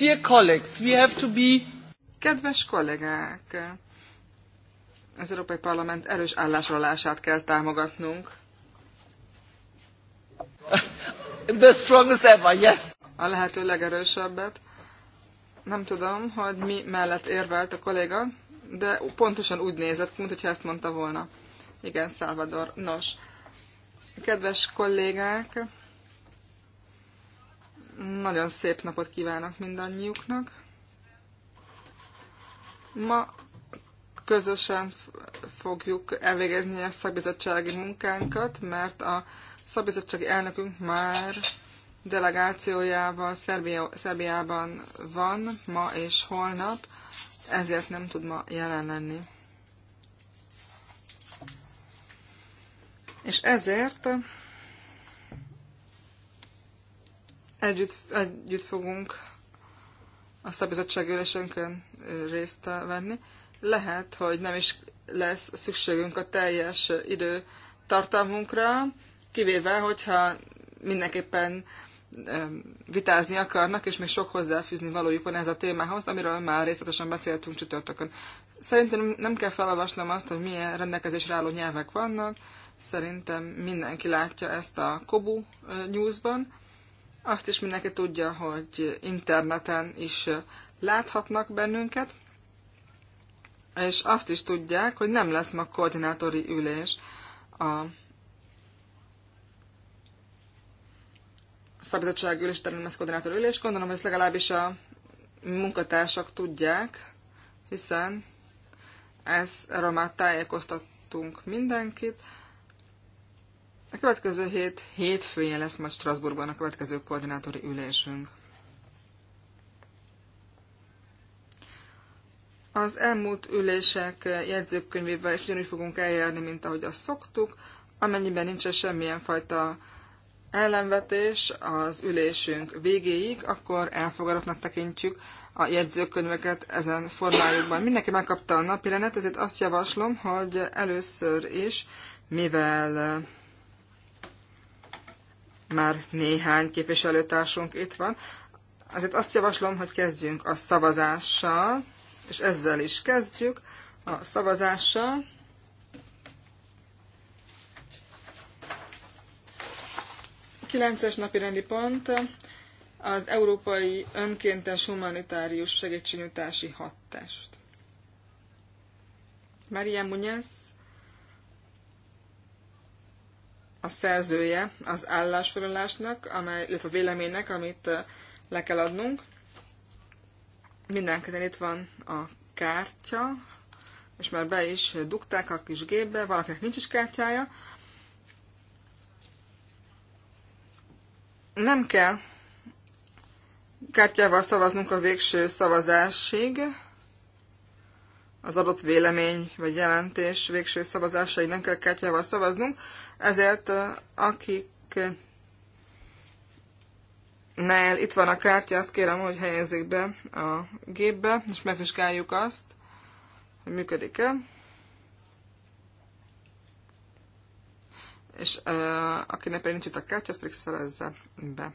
Dear colleagues, we have to be... Kedves kollégák, az Európai Parlament erős állásolását kell támogatnunk. The strongest ever, yes. A lehető legerősebbet. Nem tudom, hogy mi mellett érvelt a kolléga, de pontosan úgy nézett, mint hogyha ezt mondta volna. Igen, Salvador. Nos, kedves kollégák, nagyon szép napot kívánok mindannyiuknak. Ma közösen fogjuk elvégezni a szabizottsági munkánkat, mert a szabizottsági elnökünk már delegációjával Szerbia, Szerbiában van ma és holnap, ezért nem tud ma jelen lenni. És ezért Együtt, együtt fogunk a szabizottság ülésünkön részt venni. Lehet, hogy nem is lesz szükségünk a teljes idő tartalmunkra, kivéve, hogyha mindenképpen vitázni akarnak, és még sok hozzáfűzni valójuk van ez a témához, amiről már részletesen beszéltünk csütörtökön. Szerintem nem kell felolvasnom azt, hogy milyen rendelkezésre álló nyelvek vannak. Szerintem mindenki látja ezt a Kobu newsban. Azt is mindenki tudja, hogy interneten is láthatnak bennünket, és azt is tudják, hogy nem lesz ma koordinátori ülés a szabadság ülés, természetesen koordinátori ülés. Gondolom, hogy ezt legalábbis a munkatársak tudják, hiszen ez, erről már tájékoztattunk mindenkit. A következő hét hétfőjén lesz majd Strasbourgban a következő koordinátori ülésünk. Az elmúlt ülések jegyzőkönyvével is ugyanúgy fogunk eljárni, mint ahogy azt szoktuk. Amennyiben nincsen semmilyen fajta ellenvetés az ülésünk végéig, akkor elfogadottnak tekintjük a jegyzőkönyveket ezen formájukban. Mindenki megkapta a napirenet, ezért azt javaslom, hogy először is, mivel már néhány képviselőtársunk itt van. Azért azt javaslom, hogy kezdjünk a szavazással, és ezzel is kezdjük a szavazással. A 9 napi rendi pont az Európai Önkéntes Humanitárius Segítségnyújtási Hadtest. Maria Munyesz a szerzője az állásfoglalásnak, amely, illetve a véleménynek, amit le kell adnunk. Mindenkinek itt van a kártya, és már be is dugták a kis gépbe, valakinek nincs is kártyája. Nem kell kártyával szavaznunk a végső szavazásig, az adott vélemény vagy jelentés végső szavazásai nem kell kártyával szavaznunk, ezért akik nél itt van a kártya, azt kérem, hogy helyezzék be a gépbe, és megvizsgáljuk azt, hogy működik-e. És uh, akinek pedig nincs itt a kártya, azt pedig szerezze be.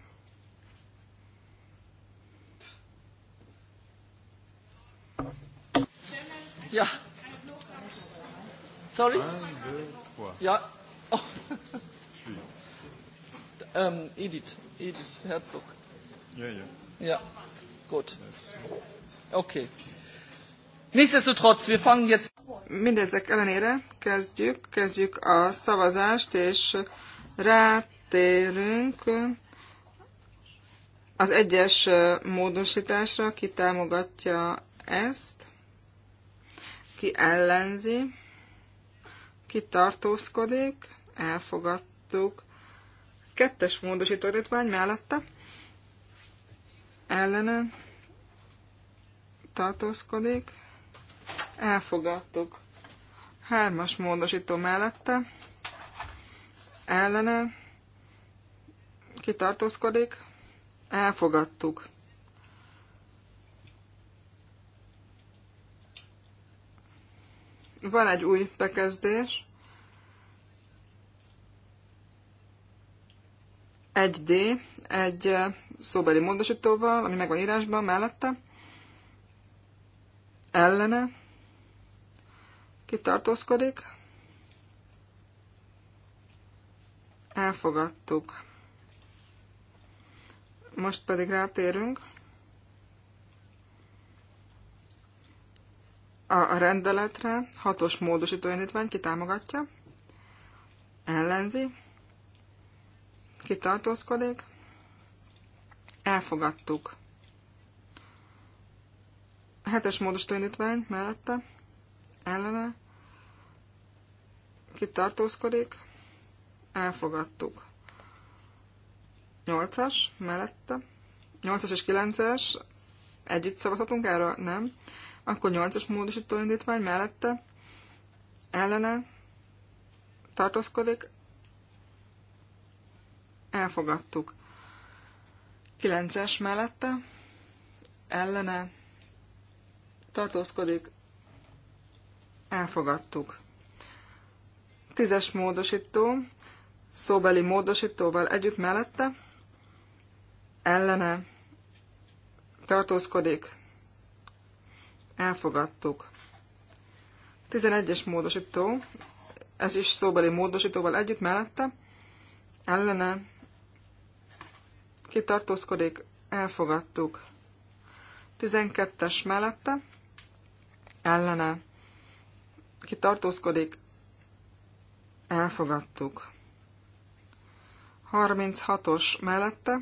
Ja. Sorry? Ja. Oh. ähm, Edith, Edith Herzog. Ja, ja. Ja, gut. Okay. Nichtsdestotrotz, wir fangen jetzt... Mindezek ellenére kezdjük, kezdjük a szavazást, és rátérünk az egyes módosításra, ki támogatja ezt ki ellenzi, ki tartózkodik, elfogadtuk. Kettes módosítóritvány mellette ellene tartózkodik, elfogadtuk. Hármas módosító mellette ellene kitartózkodik, elfogadtuk. Van egy új bekezdés. 1D, egy eh, szóbeli módosítóval, ami megvan írásban mellette, ellene, kitartózkodik, elfogadtuk. Most pedig rátérünk a rendeletre, hatos módosító indítvány, ki támogatja, ellenzi, kitartózkodik, tartózkodik, elfogadtuk. Hetes módosító indítvány mellette, ellene, kitartózkodik, tartózkodik, elfogadtuk. Nyolcas mellette, nyolcas és kilences, együtt szavazhatunk erről? Nem akkor 8-as módosító indítvány mellette ellene tartózkodik. Elfogadtuk. 9-es mellette ellene tartózkodik. Elfogadtuk. 10-es módosító szóbeli módosítóval együtt mellette ellene tartózkodik elfogadtuk. 11-es módosító, ez is szóbeli módosítóval együtt mellette, ellene kitartózkodik, elfogadtuk. 12-es mellette, ellene kitartózkodik, elfogadtuk. 36-os mellette,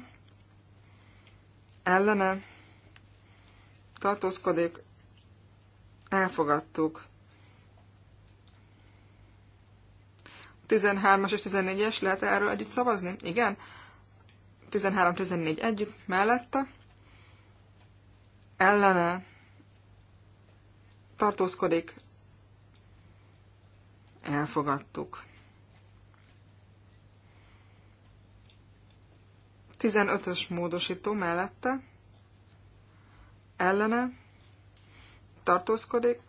ellene tartózkodik, elfogadtuk. 13-as és 14-es lehet -e erről együtt szavazni? Igen. 13-14 együtt, mellette. Ellene tartózkodik. Elfogadtuk. 15-ös módosító mellette. Ellene tartózkodik,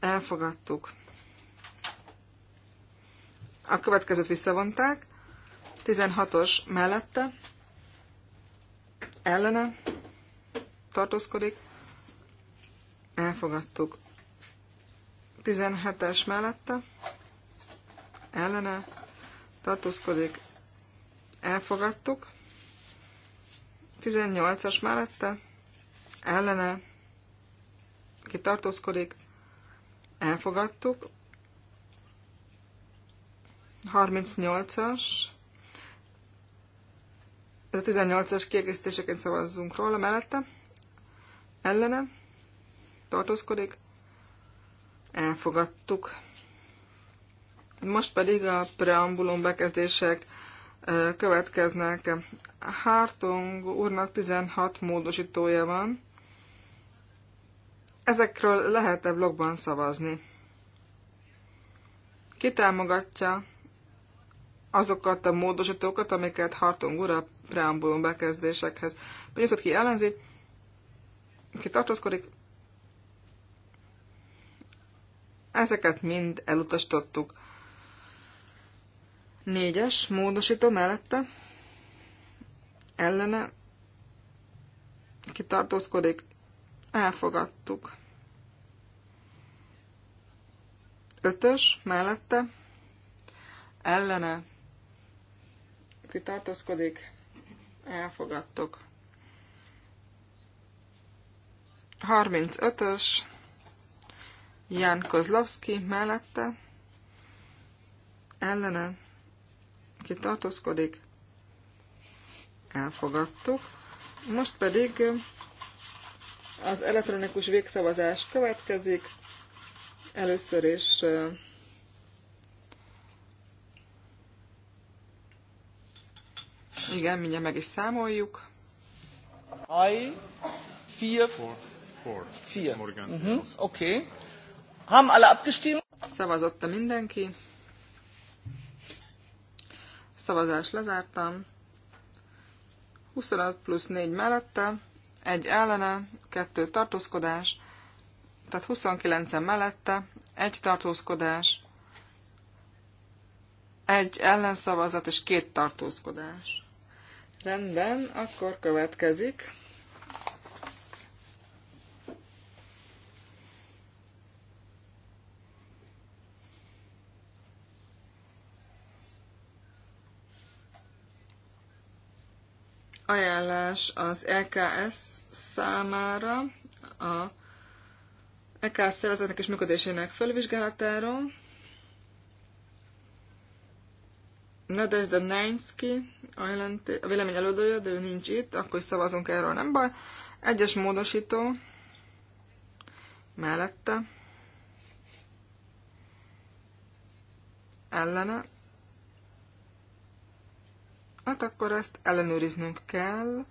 elfogadtuk. A következőt visszavonták, 16-os mellette, ellene, tartózkodik, elfogadtuk. 17-es mellette, ellene, tartózkodik, elfogadtuk. 18-as mellette, ellene, kitartózkodik. elfogadtuk. 38-as, ez a 18-as kiegészítéseként szavazzunk róla mellette, ellene, tartózkodik, elfogadtuk. Most pedig a preambulum bekezdések következnek. Hartung úrnak 16 módosítója van. Ezekről lehet-e blogban szavazni? Ki támogatja azokat a módosítókat, amiket Hartung úr a preambulum bekezdésekhez benyújtott ki ellenzi, ki tartózkodik. Ezeket mind elutasítottuk. Négyes módosító mellette ellene ki tartózkodik elfogadtuk. Ötös mellette ellene aki tartózkodik, elfogadtuk. 35-ös Jan Kozlovski mellette ellene aki tartózkodik, elfogadtuk. Most pedig az elektronikus végszavazás következik. Először is Igen, mindjárt meg is számoljuk. I, vier, four, four. vier. Morgan. Mhm, mm okay. Haben alle abgestimmt? mindenki. Szavazás lezártam. 25 plusz 4 mellette egy ellene, kettő tartózkodás, tehát 29-en mellette, egy tartózkodás, egy ellenszavazat és két tartózkodás. Rendben, akkor következik ajánlás az LKS számára a EKS szervezetnek és működésének fölvizsgálatára. de Nainsky a, jelenté- a vélemény előadója, de ő nincs itt, akkor is szavazunk erről, nem baj. Egyes módosító mellette ellene hát akkor ezt ellenőriznünk kell.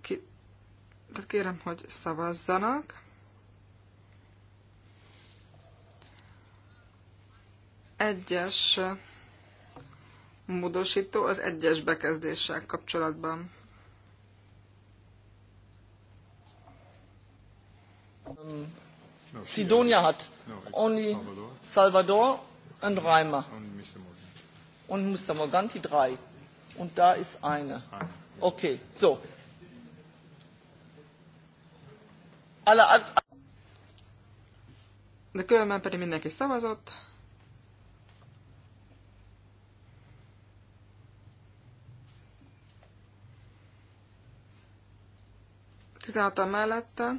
Ki, tehát kérem, hogy szavazzanak. Egyes módosító az egyes bekezdéssel kapcsolatban. Sidonia hat only Salvador and Reimer und Mr. Morgan, die drei und da ist eine. Okay, so. Alle, de különben pedig mindenki szavazott. Tizenhatan mellette,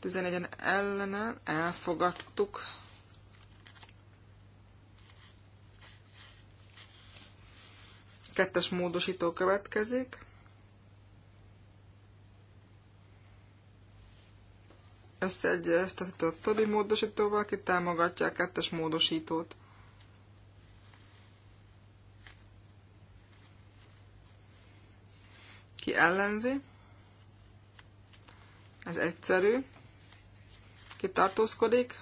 tizenegyen ellene elfogadtuk. kettes módosító következik. Összeegyeztethető a többi módosítóval, aki támogatja a kettes módosítót. Ki ellenzi? Ez egyszerű. Ki tartózkodik?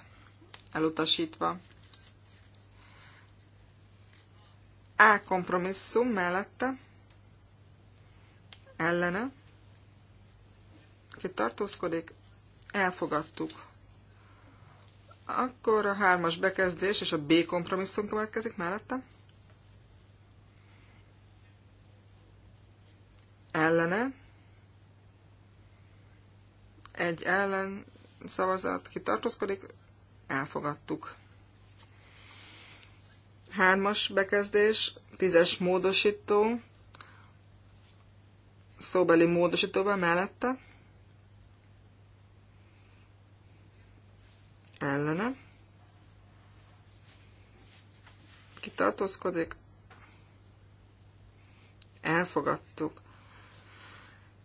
Elutasítva. A kompromisszum mellette ellene ki tartózkodik, elfogadtuk. Akkor a hármas bekezdés és a B kompromisszum következik mellette. Ellene. Egy ellen szavazat kitartózkodik, elfogadtuk. Hármas bekezdés, tízes módosító, szóbeli módosítóval mellette. Ellene. Kitartózkodik. Elfogadtuk.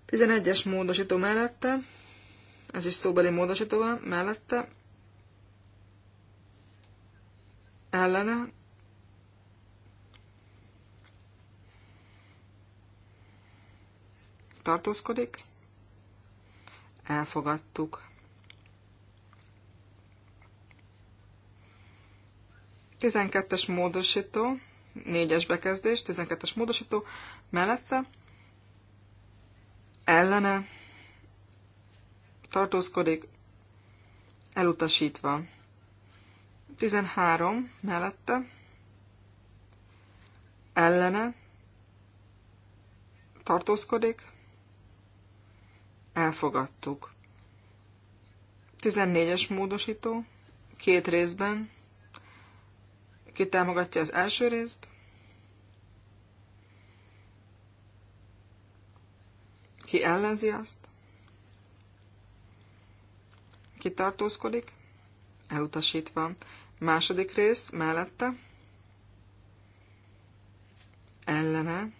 11-es módosító mellette, ez is szóbeli módosítóval mellette, ellene tartózkodik. Elfogadtuk. Tizenkettes módosító, négyes bekezdés, tizenkettes módosító mellette ellene tartózkodik, elutasítva. 13 mellette ellene tartózkodik, elfogadtuk. 14-es módosító, két részben. Ki támogatja az első részt? Ki ellenzi azt? Ki tartózkodik? Elutasítva. Második rész mellette. Ellene.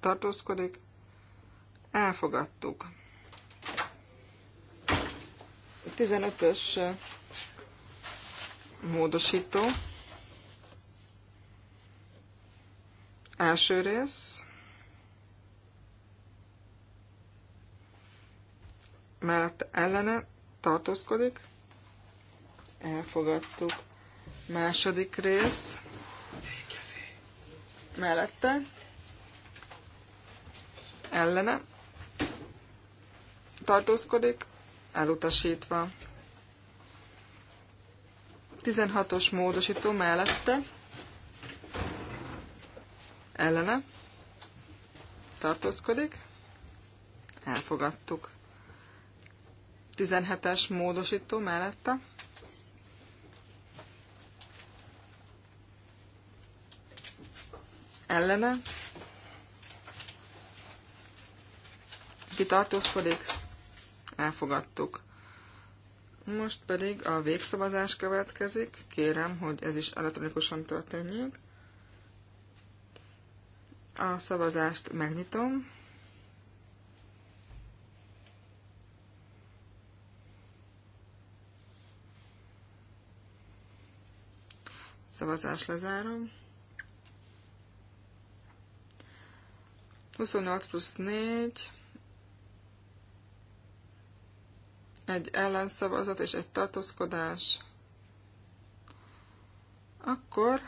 Tartózkodik elfogadtuk. 15-ös módosító. Első rész. Mellette ellene tartózkodik. Elfogadtuk. Második rész. Mellette. Ellene tartózkodik, elutasítva. 16-os módosító mellette, ellene, tartózkodik, elfogadtuk. 17-es módosító mellette, ellene, kitartózkodik, elfogadtuk. Most pedig a végszavazás következik. Kérem, hogy ez is elektronikusan történjék. A szavazást megnyitom. Szavazás lezárom. 28 plusz 4, egy ellenszavazat és egy tartózkodás. Akkor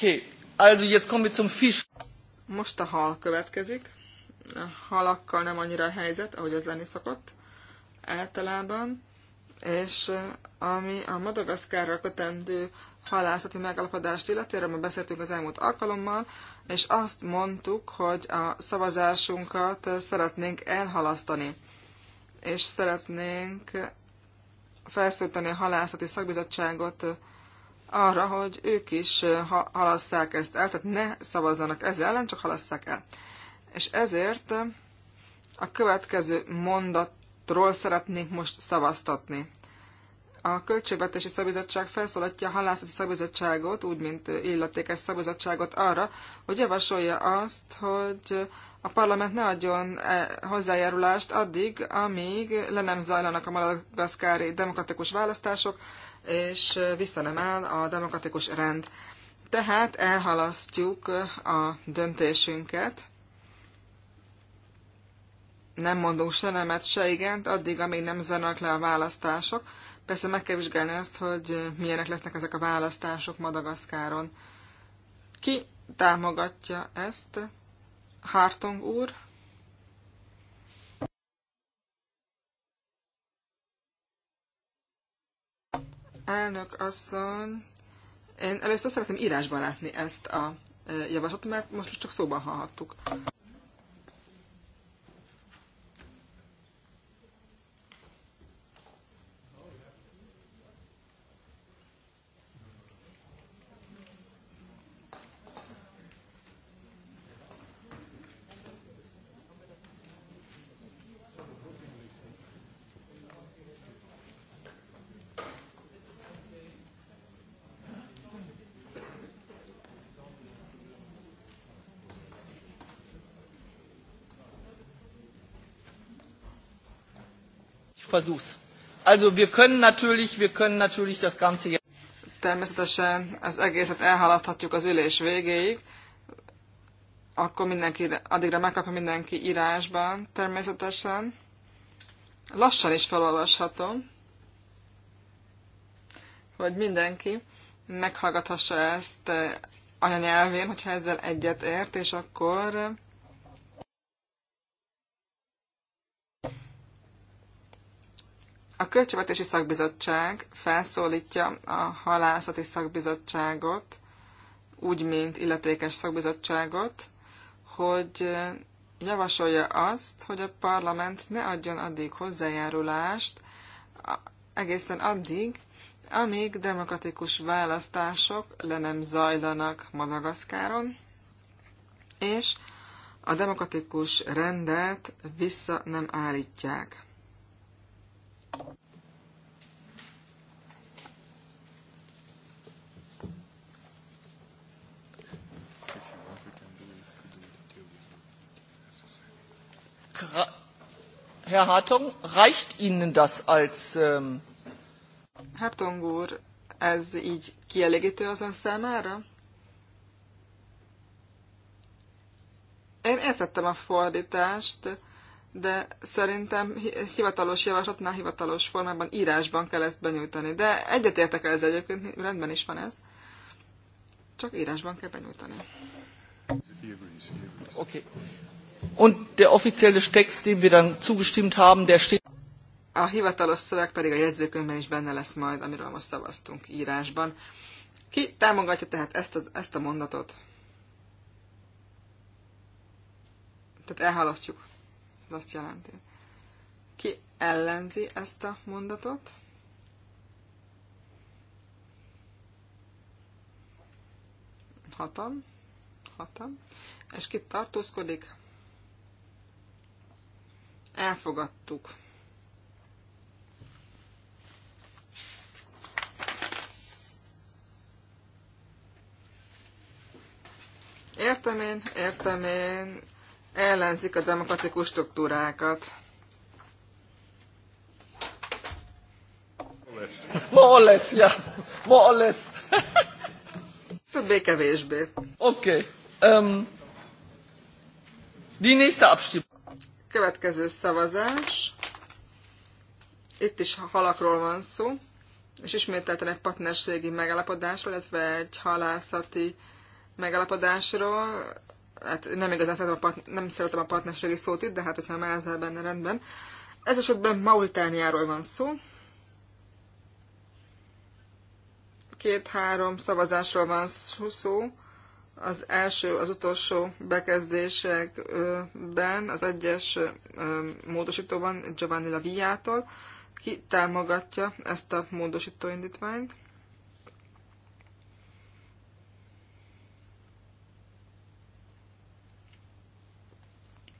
Okay, also jetzt kommen wir zum Fisch. Most a hal következik. A halakkal nem annyira a helyzet, ahogy az lenni szokott általában. És eh, ami a Madagaszkárra kötendő halászati megalapodást illeti, erről már beszéltünk az elmúlt alkalommal, és azt mondtuk, hogy a szavazásunkat eh, szeretnénk elhalasztani, és szeretnénk eh, felszólítani a halászati szakbizottságot arra, hogy ők is halasszák ezt el, tehát ne szavazzanak ez ellen, csak halasszák el. És ezért a következő mondatról szeretnék most szavaztatni. A Költségvetési Szabizottság felszólítja a Halászati Szabizottságot, úgy mint illetékes szabizottságot arra, hogy javasolja azt, hogy a parlament ne adjon e, hozzájárulást addig, amíg le nem zajlanak a madagaszkári demokratikus választások, és vissza nem áll a demokratikus rend. Tehát elhalasztjuk a döntésünket, nem mondunk se nemet, se igent, addig, amíg nem zárnak le a választások. Persze meg kell vizsgálni azt, hogy milyenek lesznek ezek a választások Madagaszkáron. Ki támogatja ezt? Hartung úr? Elnök asszony, én először szeretném írásban látni ezt a e, javaslatot, mert most csak szóban hallhattuk. Versuchs. Also wir können natürlich, wir können natürlich das Ganze jetzt. Természetesen az egészet elhaladhatjuk az ülés végéig, akkor mindenki, addigra megkapja mindenki írásban, természetesen. Lassan is felolvashatom, hogy mindenki meghallgathassa ezt eh, anyanyelvén, hogyha ezzel egyet ért, és akkor A Költségvetési Szakbizottság felszólítja a Halászati Szakbizottságot, úgy, mint illetékes szakbizottságot, hogy javasolja azt, hogy a parlament ne adjon addig hozzájárulást, egészen addig, amíg demokratikus választások le nem zajlanak Madagaszkáron, és a demokratikus rendet vissza nem állítják. Herr Hartung, reicht Ihnen das als... Ähm... Hartung úr, ez így kielégítő ön számára? Én értettem a fordítást, de szerintem hivatalos javaslatnál hivatalos formában, írásban kell ezt benyújtani. De egyetértek ez egyébként, rendben is van ez. Csak írásban kell benyújtani. Oké. Okay. Und der offizielle Text, dem wir dann zugestimmt haben, der steht. A hivatalos szöveg pedig a jegyzőkönyvben is benne lesz majd, amiről most szavaztunk írásban. Ki támogatja tehát ezt, az, ezt a mondatot? Tehát elhalasztjuk. Ez azt jelenti. Ki ellenzi ezt a mondatot? Hatan. Hatan. És ki tartózkodik? Elfogadtuk. Értem én, értem én, ellenzik a demokratikus struktúrákat. Ma lesz, ja. Ma lesz. Többé-kevésbé. Oké. Okay. Um, die nächste Abstimmung. Következő szavazás. Itt is halakról van szó, és ismételten egy partnerségi megállapodásról, illetve egy halászati megállapodásról. Hát nem igazán szeretem a, part- nem szeretem a partnerségi szót itt, de hát hogyha már ezzel benne rendben. Ez esetben Maultániáról van szó. Két-három szavazásról van szó az első, az utolsó bekezdésekben, az egyes módosítóban Giovanni Laviától, ki támogatja ezt a módosítóindítványt. indítványt.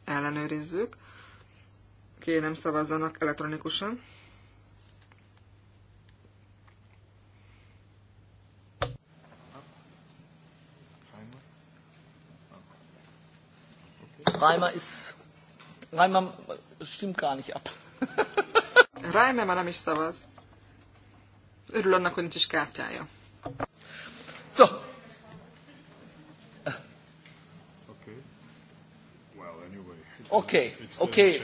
Ellenőrizzük. Kérem szavazzanak elektronikusan. Reimer ist... Reimer stimmt gar nicht ab. Reimer már nem is szavaz. Örül annak, hogy nincs is kártyája. So. Okay. Well, anyway. Okay, okay.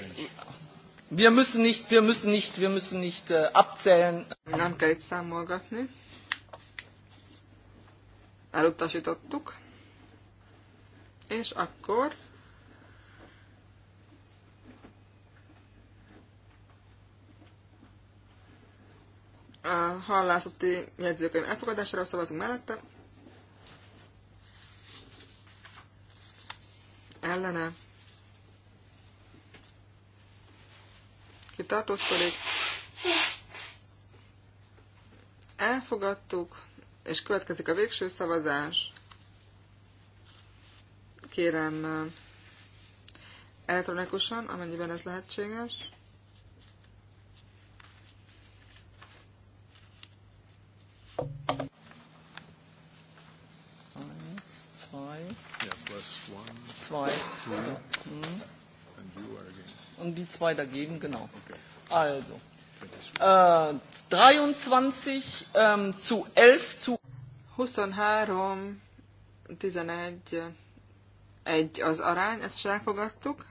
Wir müssen nicht, wir müssen nicht, wir müssen nicht uh, abzählen. Nem kell itt számolgatni. Elutasítottuk. És akkor a hallászati jegyzőkönyv elfogadására szavazunk mellette. Ellene. Ki Elfogadtuk, és következik a végső szavazás. Kérem eh, elektronikusan, amennyiben ez lehetséges. zwei. Ja, plus one. Zwei. Mhm. And you are Und die zwei dagegen, genau. Okay. Also. Äh, 23 ähm, zu 11 zu 23 11 egy az arány, ezt is elfogadtuk.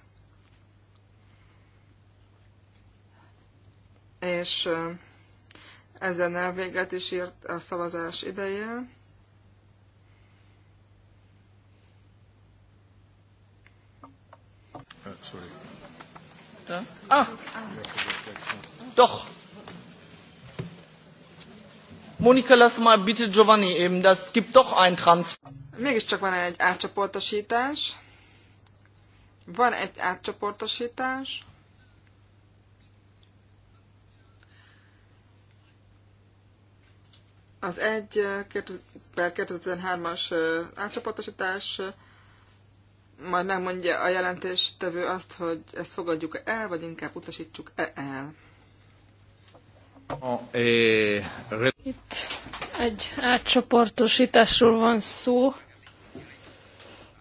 És ezzel elvéget is írt a szavazás ideje. Sorry. Da? Ah, doch. Monika, lass mal bitte Giovanni eben, das gibt doch ein Transfer. Mégiscsak van egy átcsoportosítás. Van egy átcsoportosítás. Az egy eh, per 2003 as eh, átcsoportosítás eh, majd megmondja a jelentéstevő azt, hogy ezt fogadjuk el, vagy inkább utasítsuk -e el. Itt egy átcsoportosításról van szó.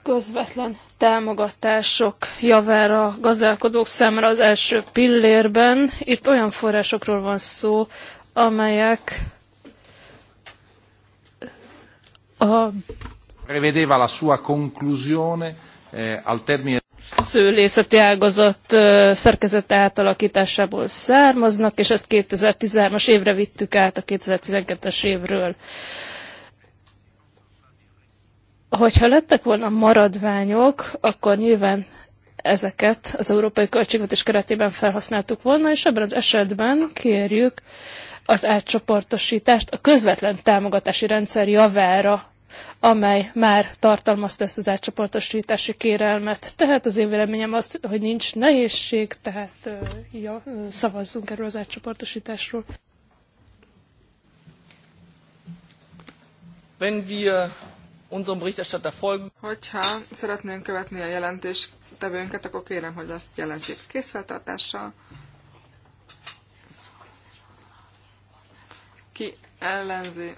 Közvetlen támogatások javára a gazdálkodók számára az első pillérben. Itt olyan forrásokról van szó, amelyek a prevedeva la sua conclusione Eh, al termine szőlészeti ágazat eh, szerkezete átalakításából származnak, és ezt 2013-as évre vittük át a 2012-es évről. Hogyha lettek volna maradványok, akkor nyilván ezeket az európai költségvetés keretében felhasználtuk volna, és ebben az esetben kérjük az átcsoportosítást a közvetlen támogatási rendszer javára amely már tartalmazta ezt az átcsoportosítási kérelmet. Tehát az én véleményem az, hogy nincs nehézség, tehát ja, szavazzunk erről az átcsoportosításról. Wenn wir unserem Berichterstatter folgen. Hogyha szeretnénk követni a jelentéstevőnket, akkor kérem, hogy azt jelezzék készfeltartással. Ki ellenzi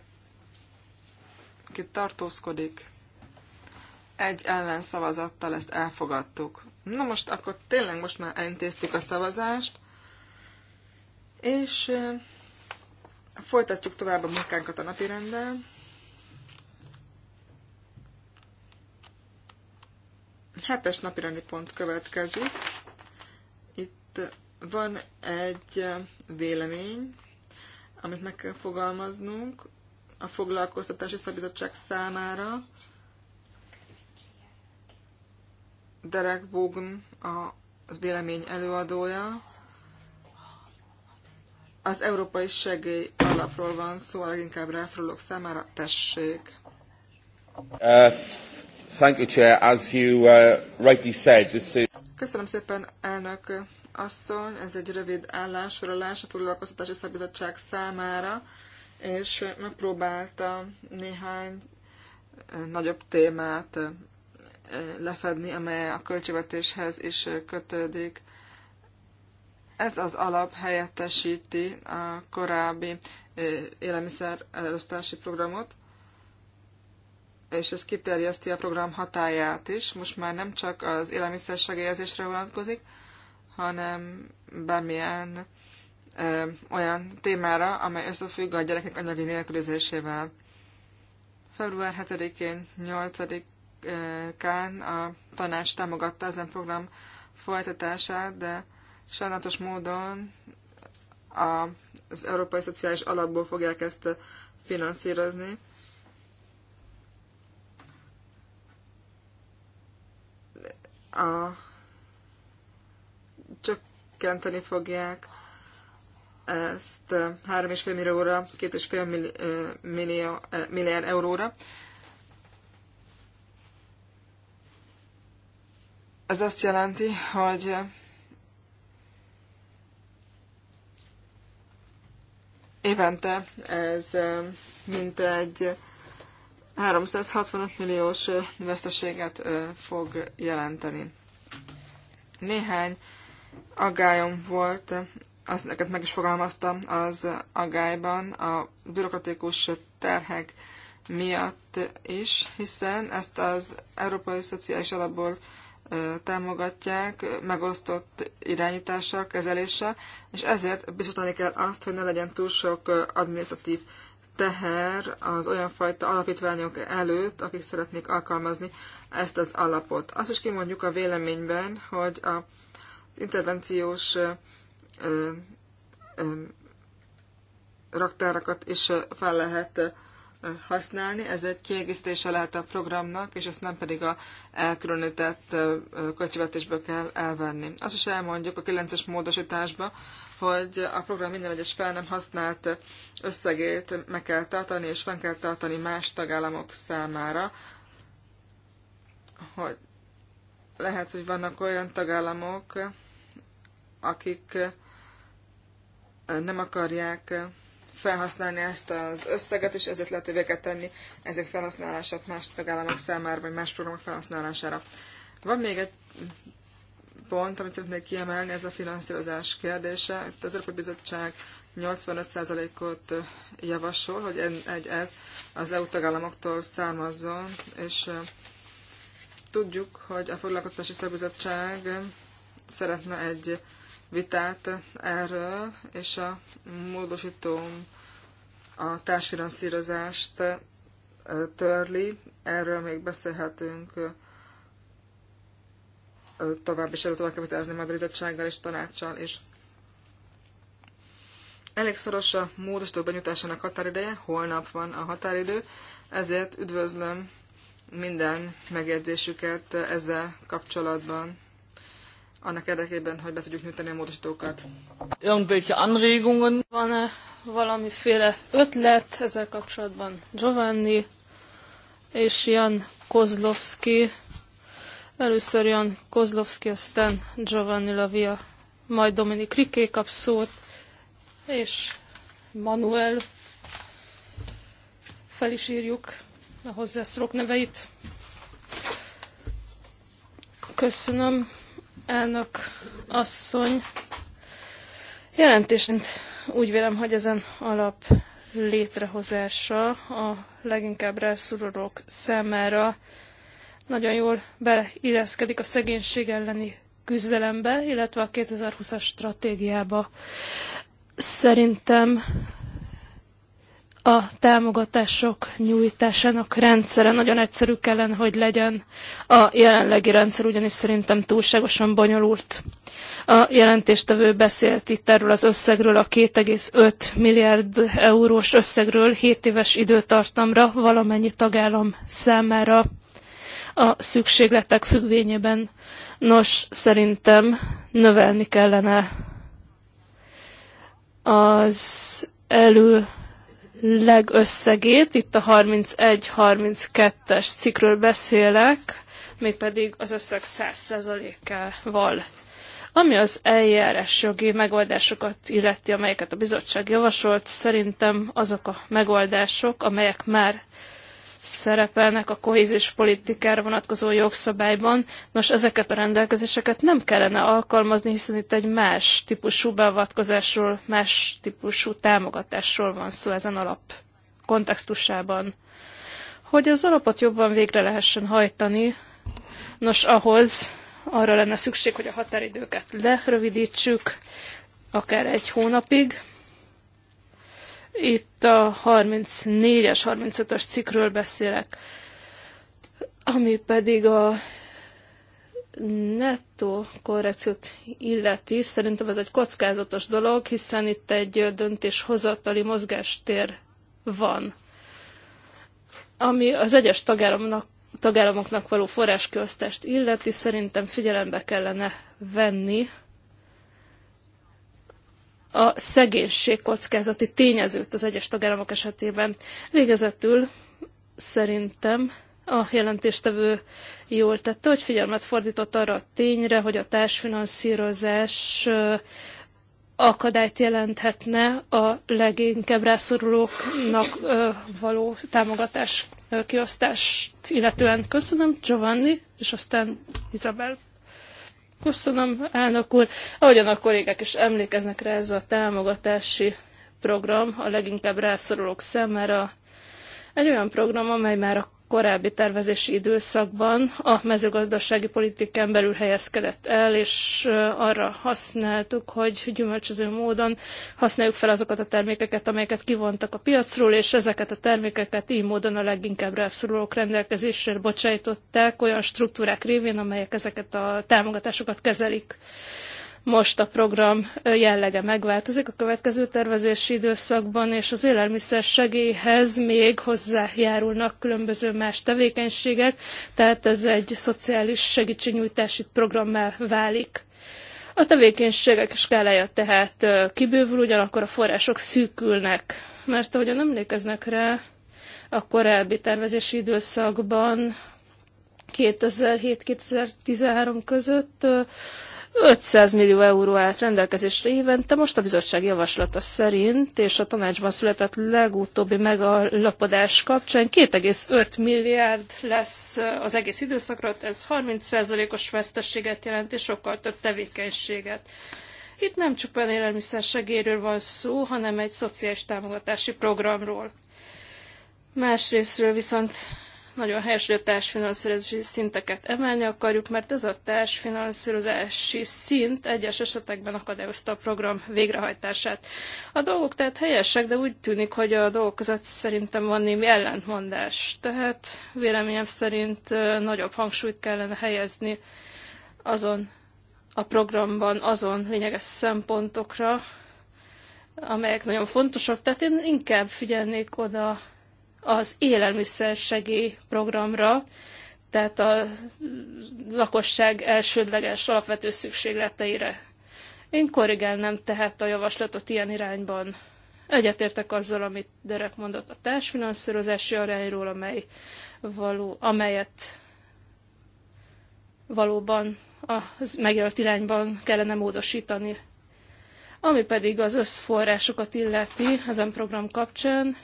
ki tartózkodik, egy ellenszavazattal ezt elfogadtuk. Na most akkor tényleg most már elintéztük a szavazást, és folytatjuk tovább a munkánkat a napirenden. Hetes napirendi pont következik. Itt van egy vélemény, amit meg kell fogalmaznunk a foglalkoztatási szabizottság számára. Derek Vaughan a az vélemény előadója. Az Európai Segély Alapról van szó, a leginkább rászorulók számára. Tessék! Uh, thank you, Chair. As you uh, rightly said, this is... Köszönöm szépen, elnök asszony. Ez egy rövid állásfoglalás a foglalkoztatási szabizottság számára és megpróbálta néhány eh, nagyobb témát eh, lefedni, amely a költségvetéshez is eh, kötődik. Ez az alap helyettesíti a korábbi élelmiszer elosztási programot, és ez kiterjeszti a program hatáját is. Most már nem csak az élelmiszer segélyezésre vonatkozik, hanem bármilyen olyan témára, amely összefügg a gyerekek anyagi nélkülözésével. Február 7-én, 8-án a tanács támogatta ezen program folytatását, de sajnálatos módon a, az Európai Szociális Alapból fogják ezt finanszírozni. A csökkenteni fogják ezt 3,5 millióra, 2,5 milliárd euróra. Ez azt jelenti, hogy évente ez mint egy 365 milliós veszteséget fog jelenteni. Néhány aggályom volt azt neked meg is fogalmaztam az agályban, a bürokratikus terhek miatt is, hiszen ezt az Európai Szociális Alapból támogatják megosztott irányítással, kezeléssel, és ezért biztosítani kell azt, hogy ne legyen túl sok administratív teher az olyan fajta alapítványok előtt, akik szeretnék alkalmazni ezt az alapot. Azt is kimondjuk a véleményben, hogy az intervenciós ö, ö, raktárakat is fel lehet használni. Ez egy kiegészítése lehet a programnak, és ezt nem pedig a elkülönített költségvetésből kell elvenni. Azt is elmondjuk a 9-es módosításba, hogy a program minden egyes fel nem használt összegét meg kell tartani, és fenn kell tartani más tagállamok számára, hogy lehet, hogy vannak olyan tagállamok, akik nem akarják felhasználni ezt az összeget, és ezért lehetővé kell tenni ezek felhasználását más tagállamok számára, vagy más programok felhasználására. Van még egy pont, amit szeretnék kiemelni, ez a finanszírozás kérdése. Itt az Európai Bizottság 85%-ot javasol, hogy egy ez az EU tagállamoktól származzon, és tudjuk, hogy a Foglalkoztatási Szabizottság szeretne egy vitát erről, és a módosító a társfinanszírozást törli. Erről még beszélhetünk tovább, és erről tovább kell vitázni a bizottsággal és tanácssal is. Elég szoros a módosító benyújtásának határideje, holnap van a határidő, ezért üdvözlöm minden megjegyzésüket ezzel kapcsolatban annak érdekében, hogy be tudjuk nyújtani a módosítókat. Irgendwelche Anregungen? van -e valamiféle ötlet ezzel kapcsolatban Giovanni és Jan Kozlovski? Először Jan Kozlovski, aztán Giovanni Lavia, majd Dominik Riké kap szót, és Manuel. Fel is írjuk a hozzászorok neveit. Köszönöm elnök asszony. Jelentésként úgy vélem, hogy ezen alap létrehozása a leginkább rászorulók számára nagyon jól beleilleszkedik a szegénység elleni küzdelembe, illetve a 2020-as stratégiába. Szerintem a támogatások nyújtásának rendszere nagyon egyszerű kellene, hogy legyen. A jelenlegi rendszer ugyanis szerintem túlságosan bonyolult. A jelentéstevő beszélt itt erről az összegről, a 2,5 milliárd eurós összegről 7 éves időtartamra valamennyi tagállam számára a szükségletek függvényében. Nos, szerintem növelni kellene az elő legösszegét, itt a 31-32-es cikről beszélek, mégpedig az összeg 100%-ával. Ami az eljárás jogi megoldásokat illeti, amelyeket a bizottság javasolt, szerintem azok a megoldások, amelyek már szerepelnek a kohézis politikára vonatkozó jogszabályban. Nos, ezeket a rendelkezéseket nem kellene alkalmazni, hiszen itt egy más típusú beavatkozásról, más típusú támogatásról van szó ezen alap kontextusában. Hogy az alapot jobban végre lehessen hajtani, nos, ahhoz arra lenne szükség, hogy a határidőket lerövidítsük, akár egy hónapig, itt a 34-es, 35-ös cikkről beszélek, ami pedig a nettó korrekciót illeti, szerintem ez egy kockázatos dolog, hiszen itt egy döntéshozatali mozgástér van, ami az egyes tagállamnak, tagállamoknak való forráskiosztást illeti, szerintem figyelembe kellene venni, a szegénység kockázati tényezőt az egyes tagállamok esetében. Végezetül szerintem a jelentéstevő jól tette, hogy figyelmet fordított arra a tényre, hogy a társfinanszírozás akadályt jelenthetne a leginkább rászorulóknak való támogatás kiosztást illetően. Köszönöm, Giovanni, és aztán Isabel. Köszönöm, elnök úr. Ahogyan a kollégák is emlékeznek rá, ez a támogatási program a leginkább rászorulók számára. Egy olyan program, amely már a korábbi tervezési időszakban a mezőgazdasági politikán belül helyezkedett el, és arra használtuk, hogy gyümölcsöző módon használjuk fel azokat a termékeket, amelyeket kivontak a piacról, és ezeket a termékeket így módon a leginkább rászorulók rendelkezésre bocsájtották olyan struktúrák révén, amelyek ezeket a támogatásokat kezelik. Most a program jellege megváltozik a következő tervezési időszakban, és az élelmiszer segélyhez még hozzájárulnak különböző más tevékenységek, tehát ez egy szociális segítségnyújtási programmá válik. A tevékenységek skálája tehát kibővül, ugyanakkor a források szűkülnek, mert ahogyan emlékeznek rá, a korábbi tervezési időszakban 2007-2013 között 500 millió euró állt rendelkezésre évente, most a bizottság javaslata szerint, és a tanácsban született legutóbbi megalapodás kapcsán 2,5 milliárd lesz az egész időszakra, ez 30%-os veszteséget jelent, és sokkal több tevékenységet. Itt nem csupán élelmiszer segéről van szó, hanem egy szociális támogatási programról. Másrésztről viszont nagyon helyes, hogy a társfinanszírozási szinteket emelni akarjuk, mert ez a társfinanszírozási szint egyes esetekben akadályozta a program végrehajtását. A dolgok tehát helyesek, de úgy tűnik, hogy a dolgok között szerintem van némi ellentmondás. Tehát véleményem szerint nagyobb hangsúlyt kellene helyezni azon a programban azon lényeges szempontokra, amelyek nagyon fontosak. Tehát én inkább figyelnék oda az élelmiszersegély programra, tehát a lakosság elsődleges alapvető szükségleteire. Én korrigálnám tehát a javaslatot ilyen irányban. Egyetértek azzal, amit Derek mondott a társfinanszírozási arányról, amely való, amelyet valóban a megjelölt irányban kellene módosítani. Ami pedig az összforrásokat illeti ezen program kapcsán,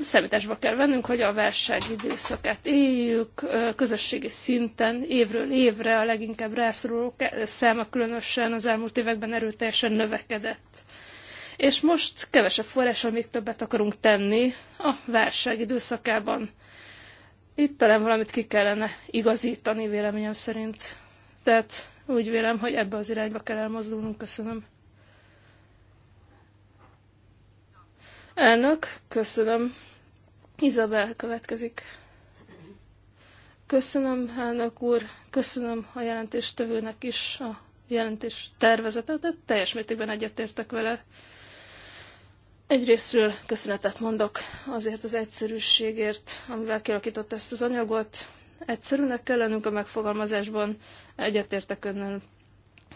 számításba kell vennünk, hogy a válság időszakát éljük, közösségi szinten évről évre a leginkább rászorulók száma különösen az elmúlt években erőteljesen növekedett. És most kevesebb forrással még többet akarunk tenni a válság időszakában. Itt talán valamit ki kellene igazítani véleményem szerint. Tehát úgy vélem, hogy ebbe az irányba kell elmozdulnunk. Köszönöm. Elnök, köszönöm. Izabel következik. Köszönöm, elnök úr, köszönöm a jelentéstevőnek is a jelentés tervezetet, de teljes mértékben egyetértek vele. Egyrésztről köszönetet mondok azért az egyszerűségért, amivel kialakított ezt az anyagot. Egyszerűnek kell lennünk a megfogalmazásban, egyetértek önnel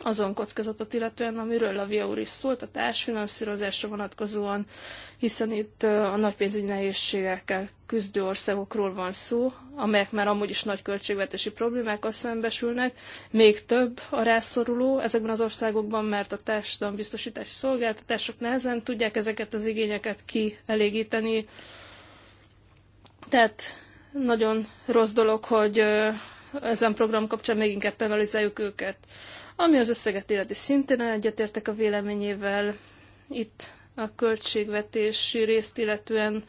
azon kockázatot illetően, amiről a Via úr is szólt, a társfinanszírozásra vonatkozóan, hiszen itt a nagy pénzügyi nehézségekkel küzdő országokról van szó, amelyek már amúgy is nagy költségvetési problémákkal szembesülnek, még több a rászoruló ezekben az országokban, mert a társadalombiztosítási szolgáltatások nehezen tudják ezeket az igényeket kielégíteni. Tehát nagyon rossz dolog, hogy ezen program kapcsán még inkább penalizáljuk őket. Ami az összeget illeti szintén egyetértek a véleményével, itt a költségvetési részt illetően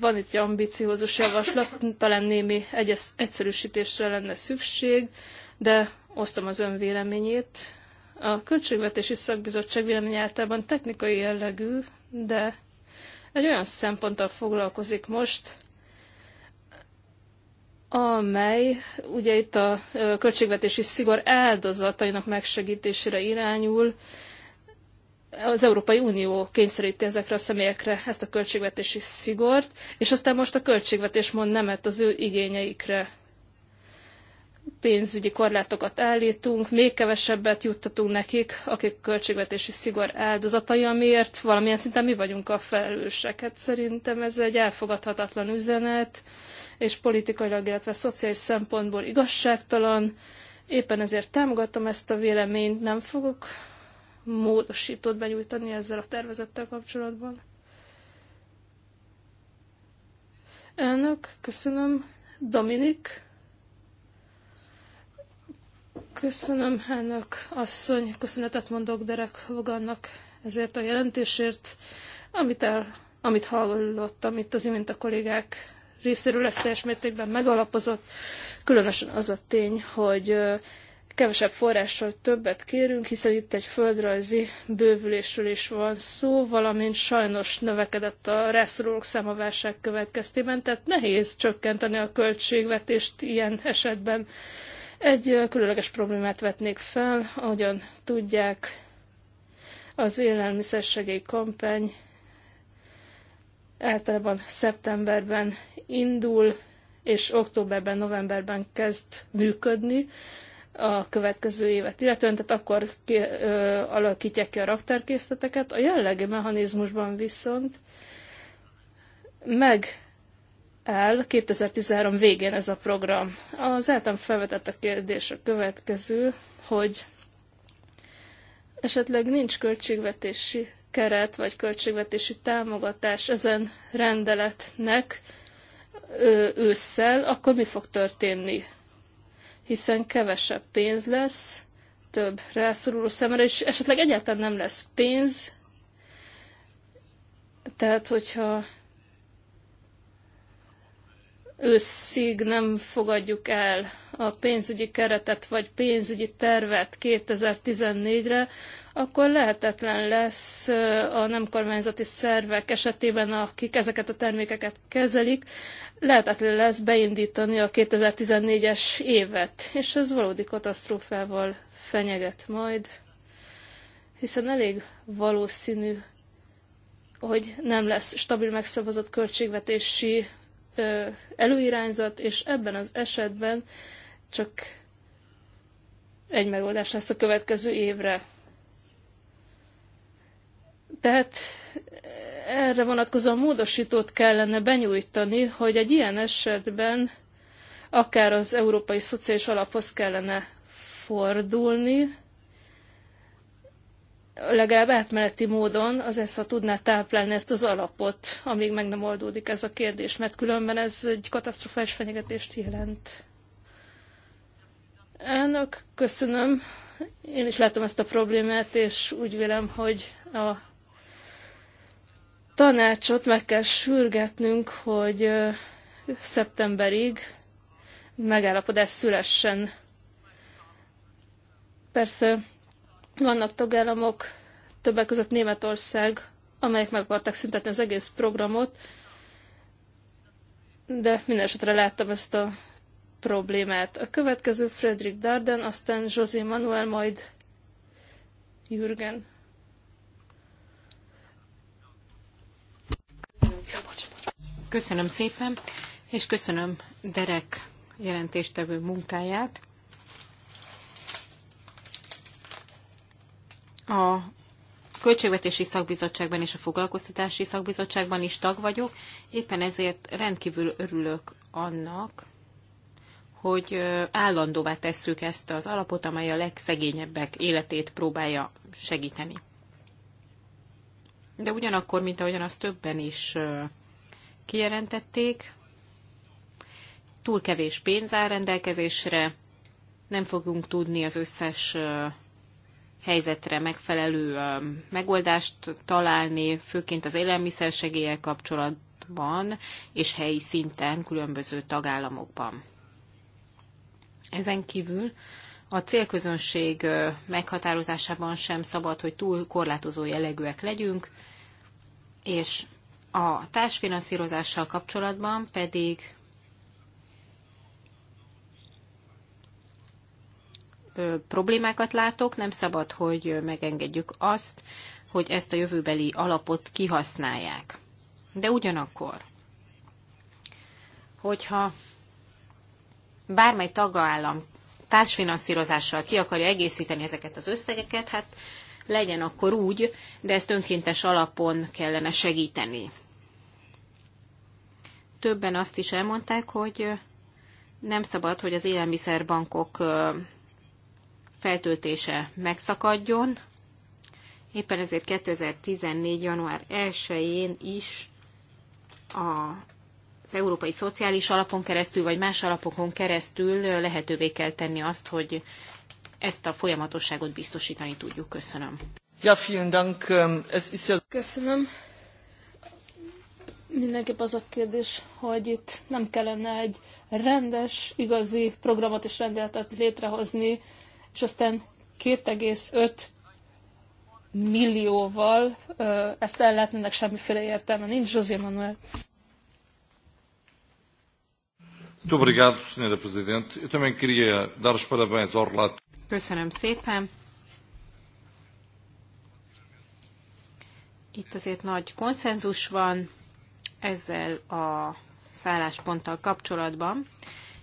van itt egy ambiciózus javaslat, talán némi egyes, egyszerűsítésre lenne szükség, de osztom az ön véleményét. A Költségvetési Szakbizottság vélemény általában technikai jellegű, de egy olyan szemponttal foglalkozik most, amely ugye itt a költségvetési szigor áldozatainak megsegítésére irányul. Az Európai Unió kényszeríti ezekre a személyekre ezt a költségvetési szigort, és aztán most a költségvetés mond nemet az ő igényeikre. Pénzügyi korlátokat állítunk, még kevesebbet juttatunk nekik, akik költségvetési szigor áldozatai, amiért valamilyen szinten mi vagyunk a felelősek. Hát szerintem ez egy elfogadhatatlan üzenet és politikailag, illetve szociális szempontból igazságtalan. Éppen ezért támogatom ezt a véleményt, nem fogok módosítót benyújtani ezzel a tervezettel kapcsolatban. Elnök, köszönöm. Dominik. Köszönöm, elnök asszony. Köszönetet mondok Derek Hogannak ezért a jelentésért, amit, el, amit hallottam itt az imént a kollégák részéről ez teljes mértékben megalapozott, különösen az a tény, hogy kevesebb forrással többet kérünk, hiszen itt egy földrajzi bővülésről is van szó, valamint sajnos növekedett a rászorulók száma válság következtében, tehát nehéz csökkenteni a költségvetést ilyen esetben. Egy különleges problémát vetnék fel, ahogyan tudják, az élelmiszersegély kampány általában szeptemberben indul, és októberben, novemberben kezd működni a következő évet illetően, tehát akkor ki, ö, alakítják ki a raktárkészleteket. A jellegi mechanizmusban viszont meg el 2013 végén ez a program. Az eltem felvetett a kérdés a következő, hogy esetleg nincs költségvetési keret vagy költségvetési támogatás ezen rendeletnek ősszel, akkor mi fog történni? Hiszen kevesebb pénz lesz, több rászoruló szemre, és esetleg egyáltalán nem lesz pénz. Tehát, hogyha őszig nem fogadjuk el a pénzügyi keretet vagy pénzügyi tervet 2014-re, akkor lehetetlen lesz a nem kormányzati szervek esetében, akik ezeket a termékeket kezelik, lehetetlen lesz beindítani a 2014-es évet, és ez valódi katasztrófával fenyeget majd, hiszen elég valószínű, hogy nem lesz stabil megszavazott költségvetési előirányzat, és ebben az esetben csak egy megoldás lesz a következő évre. Tehát erre vonatkozóan módosítót kellene benyújtani, hogy egy ilyen esetben akár az Európai Szociális Alaphoz kellene fordulni, legalább átmeneti módon az ESZA tudná táplálni ezt az alapot, amíg meg nem oldódik ez a kérdés, mert különben ez egy katasztrofális fenyegetést jelent. Elnök, köszönöm. Én is látom ezt a problémát, és úgy vélem, hogy a tanácsot meg kell sürgetnünk, hogy szeptemberig megállapodás szülessen. Persze vannak tagállamok, többek között Németország, amelyek meg akarták szüntetni az egész programot, de minden esetre láttam ezt a problémát. A következő Frederick Darden, aztán José Manuel, majd Jürgen. Köszönöm szépen, és köszönöm Derek jelentéstevő munkáját. a Költségvetési Szakbizottságban és a Foglalkoztatási Szakbizottságban is tag vagyok, éppen ezért rendkívül örülök annak, hogy állandóvá tesszük ezt az alapot, amely a legszegényebbek életét próbálja segíteni. De ugyanakkor, mint ahogyan azt többen is kijelentették, túl kevés pénz áll rendelkezésre, nem fogunk tudni az összes helyzetre megfelelő megoldást találni, főként az élelmiszersegélyek kapcsolatban és helyi szinten különböző tagállamokban. Ezen kívül a célközönség meghatározásában sem szabad, hogy túl korlátozó jellegűek legyünk, és a társfinanszírozással kapcsolatban pedig problémákat látok, nem szabad, hogy megengedjük azt, hogy ezt a jövőbeli alapot kihasználják. De ugyanakkor, hogyha bármely tagállam társfinanszírozással ki akarja egészíteni ezeket az összegeket, hát legyen akkor úgy, de ezt önkéntes alapon kellene segíteni. Többen azt is elmondták, hogy nem szabad, hogy az élelmiszerbankok feltöltése megszakadjon. Éppen ezért 2014. január 1-én is a az Európai Szociális Alapon keresztül, vagy más alapokon keresztül lehetővé kell tenni azt, hogy ezt a folyamatosságot biztosítani tudjuk. Köszönöm. Ja, vielen Dank. Ähm, es ist ja... Köszönöm. Mindenképp az a kérdés, hogy itt nem kellene egy rendes, igazi programot és rendeletet létrehozni, és aztán 2,5 millióval ezt el lehet, ennek semmiféle értelme nincs. José Manuel. Muito obrigado, Sra. Presidente. Eu também queria dar os parabéns ao Köszönöm szépen. Itt azért nagy konszenzus van ezzel a szállásponttal kapcsolatban,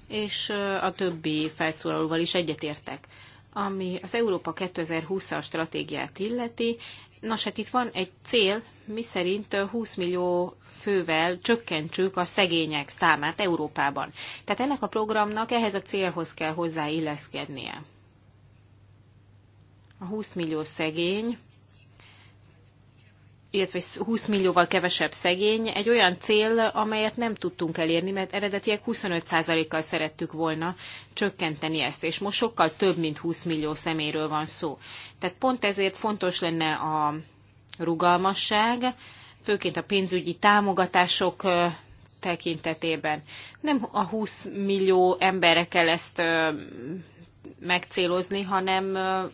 és a többi felszólalóval is egyetértek ami az Európa 2020-as stratégiát illeti. Nos, hát itt van egy cél, szerint 20 millió fővel csökkentsük a szegények számát Európában. Tehát ennek a programnak ehhez a célhoz kell hozzáilleszkednie. A 20 millió szegény illetve 20 millióval kevesebb szegény, egy olyan cél, amelyet nem tudtunk elérni, mert eredetileg 25%-kal szerettük volna csökkenteni ezt, és most sokkal több, mint 20 millió szeméről van szó. Tehát pont ezért fontos lenne a rugalmasság, főként a pénzügyi támogatások tekintetében. Nem a 20 millió emberre kell ezt megcélozni, hanem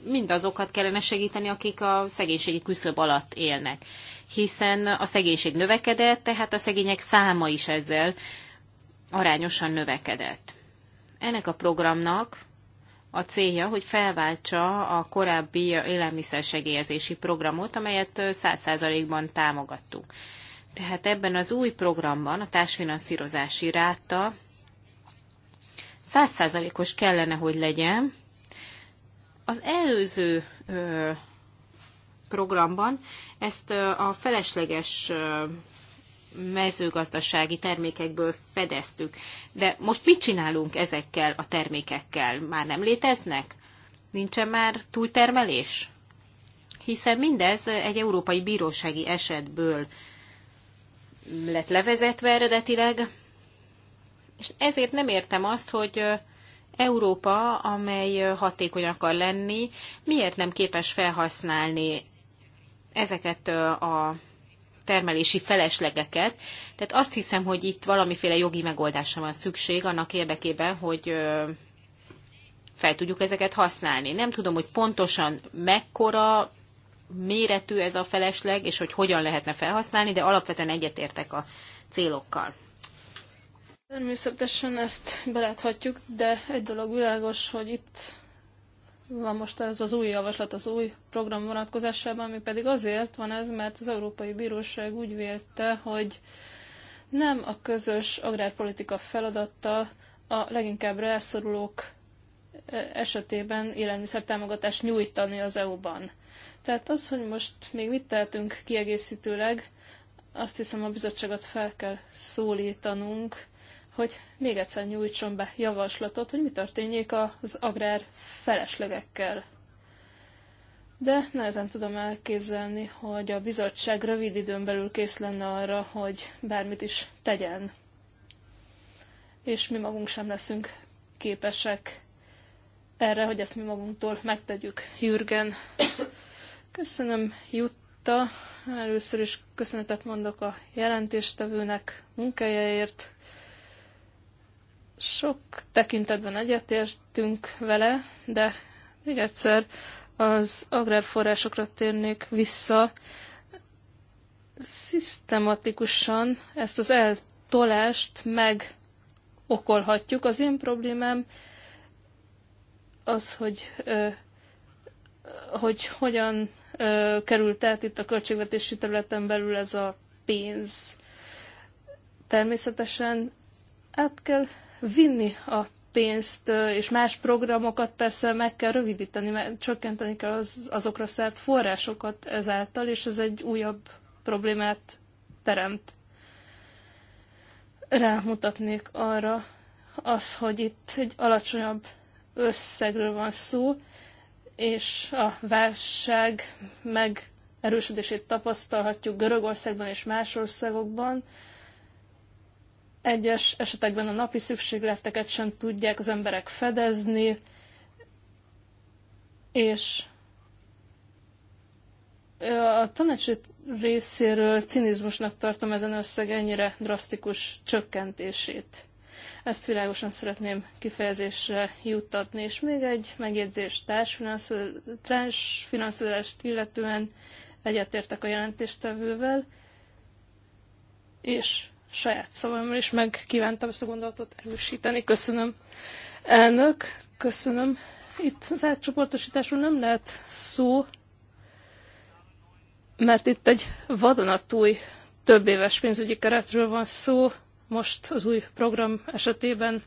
mindazokat kellene segíteni, akik a szegénységi küszöb alatt élnek hiszen a szegénység növekedett, tehát a szegények száma is ezzel arányosan növekedett. Ennek a programnak a célja, hogy felváltsa a korábbi élelmiszersegélyezési programot, amelyet 100%-ban támogattuk. Tehát ebben az új programban a társfinanszírozási ráta 100%-os kellene, hogy legyen. Az előző programban ezt a felesleges mezőgazdasági termékekből fedeztük. De most mit csinálunk ezekkel a termékekkel? Már nem léteznek? Nincsen már túltermelés? Hiszen mindez egy európai bírósági esetből lett levezetve eredetileg, és ezért nem értem azt, hogy Európa, amely hatékony akar lenni, miért nem képes felhasználni ezeket a termelési feleslegeket. Tehát azt hiszem, hogy itt valamiféle jogi megoldásra van szükség annak érdekében, hogy fel tudjuk ezeket használni. Nem tudom, hogy pontosan mekkora méretű ez a felesleg, és hogy hogyan lehetne felhasználni, de alapvetően egyetértek a célokkal. Természetesen ezt beláthatjuk, de egy dolog világos, hogy itt van most ez az új javaslat az új program vonatkozásában, ami pedig azért van ez, mert az Európai Bíróság úgy vélte, hogy nem a közös agrárpolitika feladata a leginkább rászorulók e, esetében támogatást nyújtani az EU-ban. Tehát az, hogy most még mit tehetünk kiegészítőleg, azt hiszem a bizottságot fel kell szólítanunk, hogy még egyszer nyújtson be javaslatot, hogy mi történjék az agrár feleslegekkel. De nehezen tudom elképzelni, hogy a bizottság rövid időn belül kész lenne arra, hogy bármit is tegyen. És mi magunk sem leszünk képesek erre, hogy ezt mi magunktól megtegyük. Jürgen, köszönöm Jutta. Először is köszönetet mondok a jelentéstevőnek munkájáért. Sok tekintetben egyetértünk vele, de még egyszer az agrárforrásokra térnék vissza. Szisztematikusan ezt az eltolást megokolhatjuk Az én problémám az, hogy, hogy hogyan került át itt a költségvetési területen belül ez a pénz. Természetesen át kell vinni a pénzt, és más programokat persze meg kell rövidíteni, mert csökkenteni kell az, azokra szert forrásokat ezáltal, és ez egy újabb problémát teremt. Rámutatnék arra az, hogy itt egy alacsonyabb összegről van szó, és a válság megerősödését tapasztalhatjuk Görögországban és más országokban, egyes esetekben a napi szükségleteket sem tudják az emberek fedezni, és a tanács részéről cinizmusnak tartom ezen összeg ennyire drasztikus csökkentését. Ezt világosan szeretném kifejezésre juttatni. És még egy megjegyzés társfinanszírozást illetően egyetértek a jelentéstevővel, és saját szavammal is meg kívántam ezt a gondolatot erősíteni. Köszönöm. Elnök, köszönöm. Itt az átcsoportosításról nem lehet szó, mert itt egy vadonatúj több éves pénzügyi keretről van szó, most az új program esetében,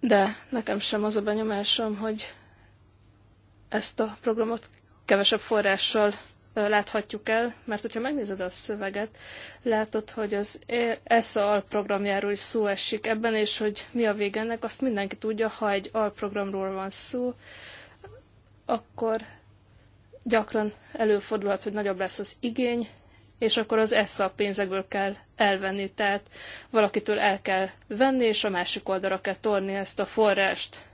de nekem sem az a benyomásom, hogy ezt a programot kevesebb forrással láthatjuk el, mert hogyha megnézed a szöveget, látod, hogy az ESA alprogramjáról is szó esik ebben, és hogy mi a vége ennek, azt mindenki tudja, ha egy alprogramról van szó, akkor gyakran előfordulhat, hogy nagyobb lesz az igény, és akkor az ESZA pénzekből kell elvenni, tehát valakitől el kell venni, és a másik oldalra kell torni ezt a forrást.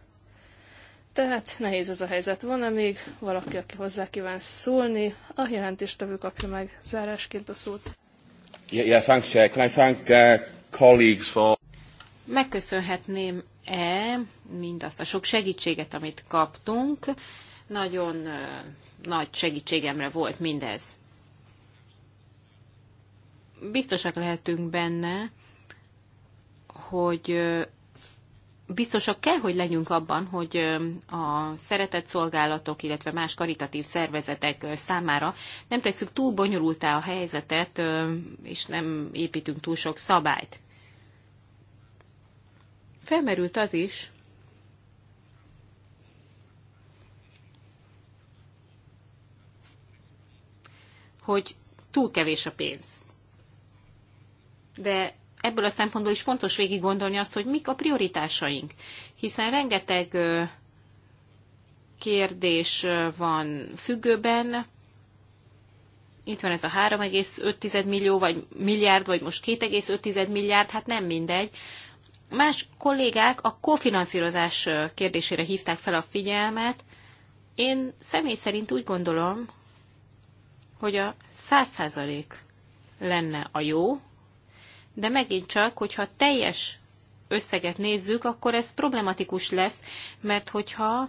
Tehát nehéz ez a helyzet. Van-e még valaki, aki hozzá kíván szólni? A jelentéstevő kapja meg zárásként a szót. Yeah, yeah, thanks, Chair. Can I thank uh, colleagues for... Megköszönhetném-e mindazt a sok segítséget, amit kaptunk? Nagyon uh, nagy segítségemre volt mindez. Biztosak lehetünk benne, hogy uh, biztosak kell, hogy legyünk abban, hogy a szeretett szolgálatok, illetve más karitatív szervezetek számára nem tesszük túl bonyolultá a helyzetet, és nem építünk túl sok szabályt. Felmerült az is, hogy túl kevés a pénz. De ebből a szempontból is fontos végig gondolni azt, hogy mik a prioritásaink, hiszen rengeteg kérdés van függőben, itt van ez a 3,5 millió, vagy milliárd, vagy most 2,5 milliárd, hát nem mindegy. Más kollégák a kofinanszírozás kérdésére hívták fel a figyelmet. Én személy szerint úgy gondolom, hogy a 100% lenne a jó, de megint csak, hogyha teljes összeget nézzük, akkor ez problematikus lesz, mert hogyha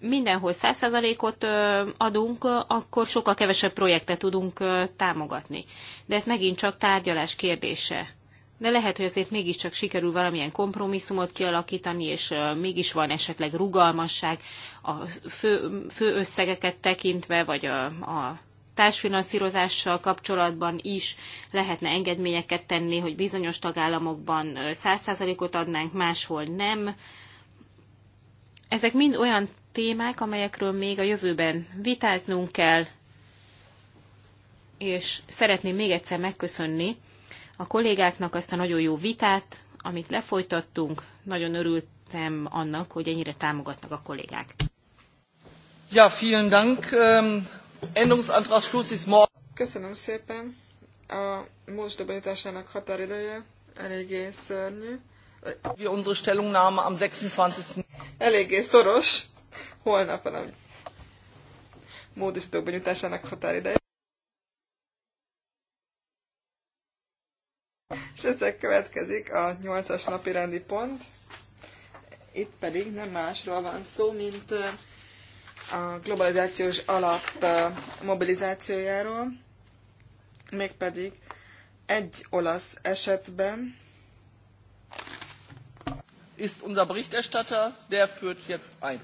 mindenhol 100%-ot adunk, akkor sokkal kevesebb projektet tudunk támogatni. De ez megint csak tárgyalás kérdése. De lehet, hogy azért mégiscsak sikerül valamilyen kompromisszumot kialakítani, és mégis van esetleg rugalmasság a fő, fő összegeket tekintve, vagy a, a társfinanszírozással kapcsolatban is lehetne engedményeket tenni, hogy bizonyos tagállamokban 100%-ot adnánk, máshol nem. Ezek mind olyan témák, amelyekről még a jövőben vitáznunk kell, és szeretném még egyszer megköszönni a kollégáknak azt a nagyon jó vitát, amit lefolytattunk. Nagyon örültem annak, hogy ennyire támogatnak a kollégák. Ja, vielen Dank. Ähm, Änderungsantrag Schluss ist morgen. Köszönöm szépen. A módosítóbenyújtásának határideje eléggé szörnyű. Wir unsere Stellungnahme am 26. Eléggé szoros. Holnap a a módosítóbenyújtásának határideje. És ezzel következik a 8-as napi rendi pont. Itt pedig nem másról van szó, mint a globalizációs alap mobilizációjáról, mégpedig egy olasz esetben. Ist unser Berichterstatter, der führt jetzt ein.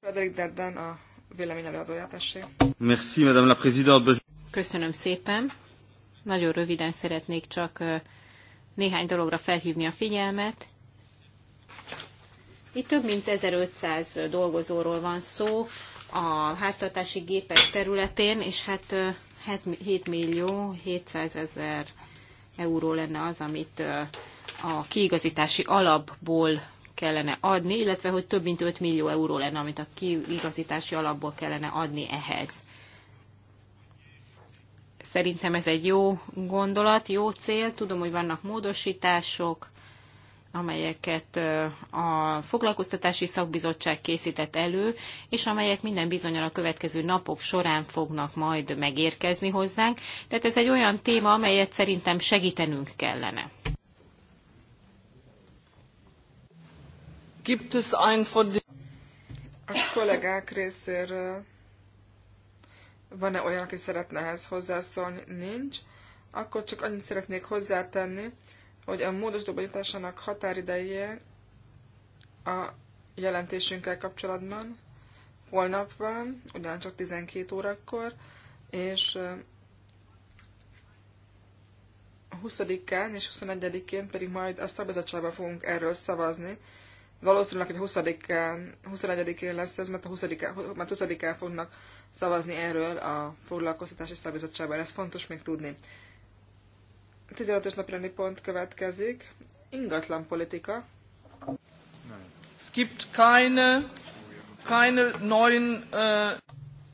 Frederik Dedden a vélemény előadója, tessék. Merci, Madame la Présidente. Köszönöm szépen. Nagyon röviden szeretnék csak néhány dologra felhívni a figyelmet. Itt több mint 1500 dolgozóról van szó, a háztartási gépek területén, és hát 7 hát millió 700 ezer euró lenne az, amit a kiigazítási alapból kellene adni, illetve hogy több mint 5 millió euró lenne, amit a kiigazítási alapból kellene adni ehhez. Szerintem ez egy jó gondolat, jó cél. Tudom, hogy vannak módosítások, amelyeket a foglalkoztatási szakbizottság készített elő, és amelyek minden bizonyal a következő napok során fognak majd megérkezni hozzánk. Tehát ez egy olyan téma, amelyet szerintem segítenünk kellene. Gibt es ein von A kollégák részéről van-e olyan, aki szeretne ehhez hozzászólni? Nincs. Akkor csak annyit szeretnék hozzátenni, hogy a módosító benyújtásának határideje a jelentésünkkel kapcsolatban holnap van, ugyancsak 12 órakor, és 20-án és 21-én pedig majd a szabadságban fogunk erről szavazni. Valószínűleg, hogy 20-án, 21-én lesz ez, mert a 20-án, mert 20-án fognak szavazni erről a foglalkoztatási szabizottságban. Ez fontos még tudni. 15-ös napirendi pont következik. Ingatlan politika. Es gibt keine, keine neuen... Uh...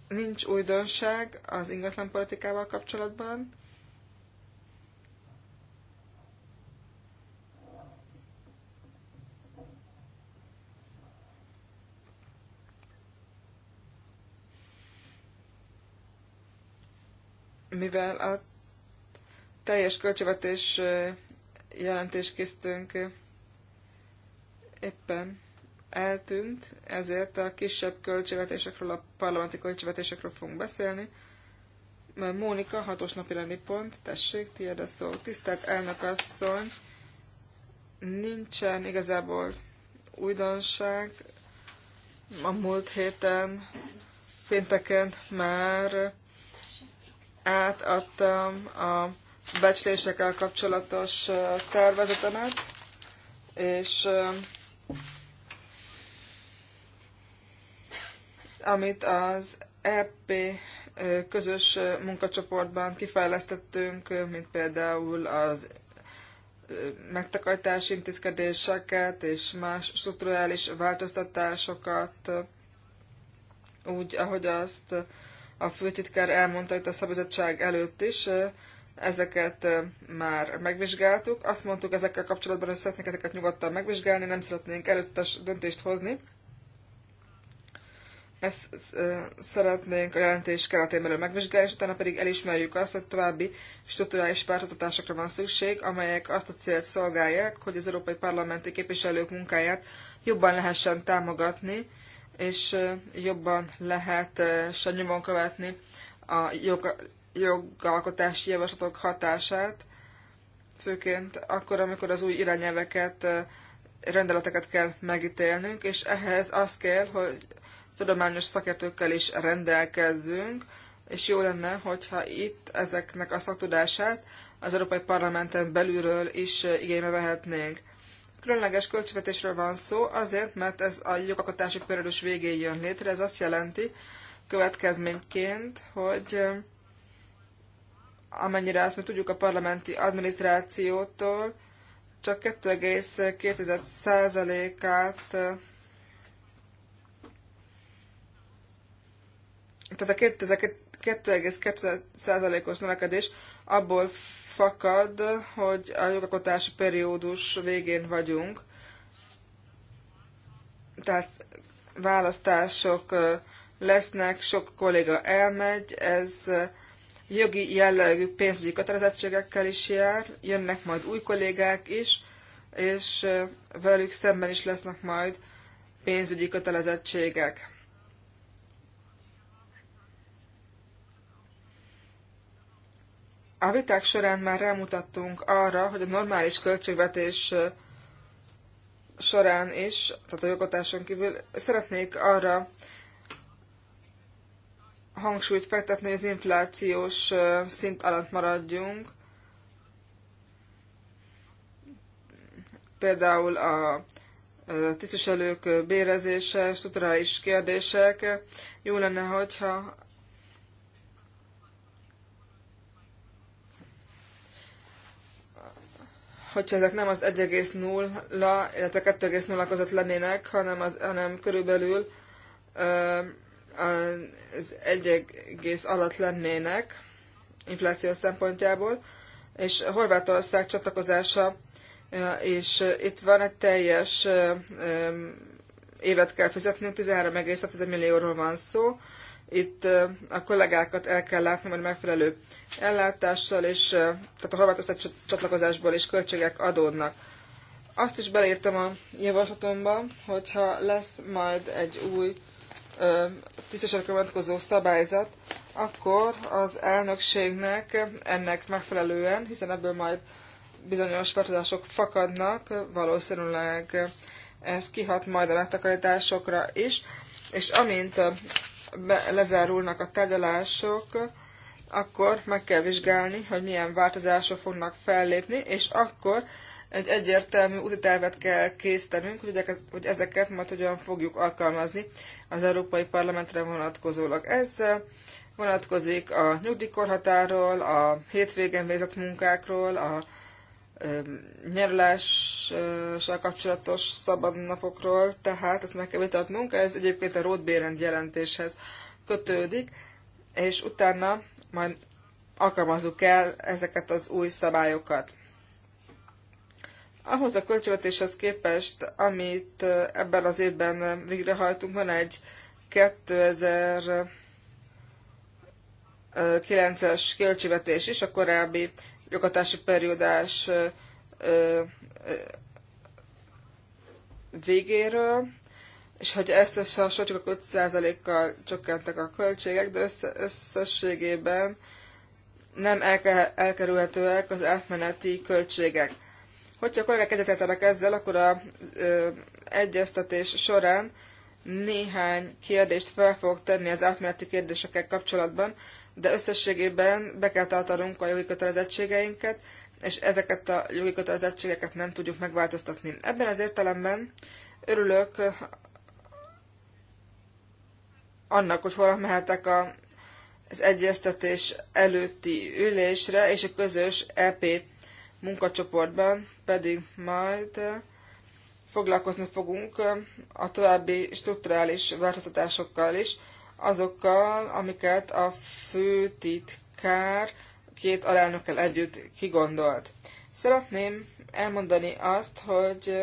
Nincs újdonság az ingatlan politikával kapcsolatban. mivel a teljes költségvetés jelentést készítünk éppen eltűnt, ezért a kisebb költségvetésekről, a parlamenti költségvetésekről fogunk beszélni. Mónika, hatos napi lenni pont, tessék, tiéd a szó. Tisztelt elnök asszony, nincsen igazából újdonság. A múlt héten, pénteken már átadtam a becslésekkel kapcsolatos tervezetemet, és amit az EP közös munkacsoportban kifejlesztettünk, mint például az megtakarítási intézkedéseket és más strukturális változtatásokat, úgy, ahogy azt a főtitkár elmondta itt a szabadság előtt is, ezeket már megvizsgáltuk. Azt mondtuk ezekkel kapcsolatban, hogy szeretnénk ezeket nyugodtan megvizsgálni, nem szeretnénk előttes döntést hozni. Ezt szeretnénk a jelentés keretén belül megvizsgálni, és utána pedig elismerjük azt, hogy további struktúrális pártatásokra van szükség, amelyek azt a célt szolgálják, hogy az európai parlamenti képviselők munkáját jobban lehessen támogatni, és jobban lehet nyomon követni a jogalkotási javaslatok hatását, főként akkor, amikor az új irányelveket, rendeleteket kell megítélnünk, és ehhez az kell, hogy tudományos szakértőkkel is rendelkezzünk, és jó lenne, hogyha itt ezeknek a szaktudását az Európai Parlamenten belülről is igénybe vehetnénk. Különleges költségvetésről van szó, azért, mert ez a jogalkotási periódus végén jön létre, ez azt jelenti következményként, hogy amennyire azt mi tudjuk a parlamenti adminisztrációtól, csak 2,2%-át tehát a 2,2%-os növekedés abból fakad, hogy a jogalkotási periódus végén vagyunk. Tehát választások lesznek, sok kolléga elmegy, ez jogi jellegű pénzügyi kötelezettségekkel is jár, jönnek majd új kollégák is, és velük szemben is lesznek majd pénzügyi kötelezettségek. A viták során már rámutattunk arra, hogy a normális költségvetés során is, tehát a jogotáson kívül, szeretnék arra hangsúlyt fektetni, hogy az inflációs szint alatt maradjunk. Például a tisztviselők bérezése, strukturális kérdések. Jó lenne, hogyha hogyha ezek nem az 1,0-la, illetve 2,0 között lennének, hanem, az, hanem körülbelül az egész alatt lennének infláció szempontjából, és Horvátország csatlakozása és itt van egy teljes évet kell fizetni, 13,6 millióról van szó. Itt a kollégákat el kell látni, hogy megfelelő ellátással, és tehát a Horvátország csatlakozásból is költségek adódnak. Azt is beleírtam a javaslatomba, hogyha lesz majd egy új tisztviselőkre vonatkozó szabályzat, akkor az elnökségnek ennek megfelelően, hiszen ebből majd bizonyos változások fakadnak, valószínűleg ez kihat majd a megtakarításokra is, és amint lezárulnak a tárgyalások, akkor meg kell vizsgálni, hogy milyen változások fognak fellépni, és akkor egy egyértelmű útitervet kell készítenünk, hogy ezeket majd hogyan fogjuk alkalmazni az Európai Parlamentre vonatkozólag. Ez vonatkozik a nyugdíjkorhatáról, a hétvégen végzett munkákról, a nyerüléssel kapcsolatos szabadnapokról, tehát ezt meg kell vitatnunk, ez egyébként a Rothbérend jelentéshez kötődik, és utána majd alkalmazzuk el ezeket az új szabályokat. Ahhoz a költségvetéshez képest, amit ebben az évben végrehajtunk, van egy 2009-es költségvetés is, a korábbi jogatási periódás végéről, és hogy ezt összehasonlítjuk, akkor 5%-kal csökkentek a költségek, de össze, összességében nem elke, elkerülhetőek az átmeneti költségek. Hogyha a kollégák egyetetlenek ezzel, akkor a egyeztetés során néhány kérdést fel fogok tenni az átmeneti kérdésekkel kapcsolatban, de összességében be kell tartanunk a jogi kötelezettségeinket, és ezeket a jogi kötelezettségeket nem tudjuk megváltoztatni. Ebben az értelemben örülök annak, hogy hol mehetek a, az egyeztetés előtti ülésre és a közös EP munkacsoportban pedig majd foglalkozni fogunk a további strukturális változtatásokkal is, azokkal, amiket a főtitkár két alelnökkel együtt kigondolt. Szeretném elmondani azt, hogy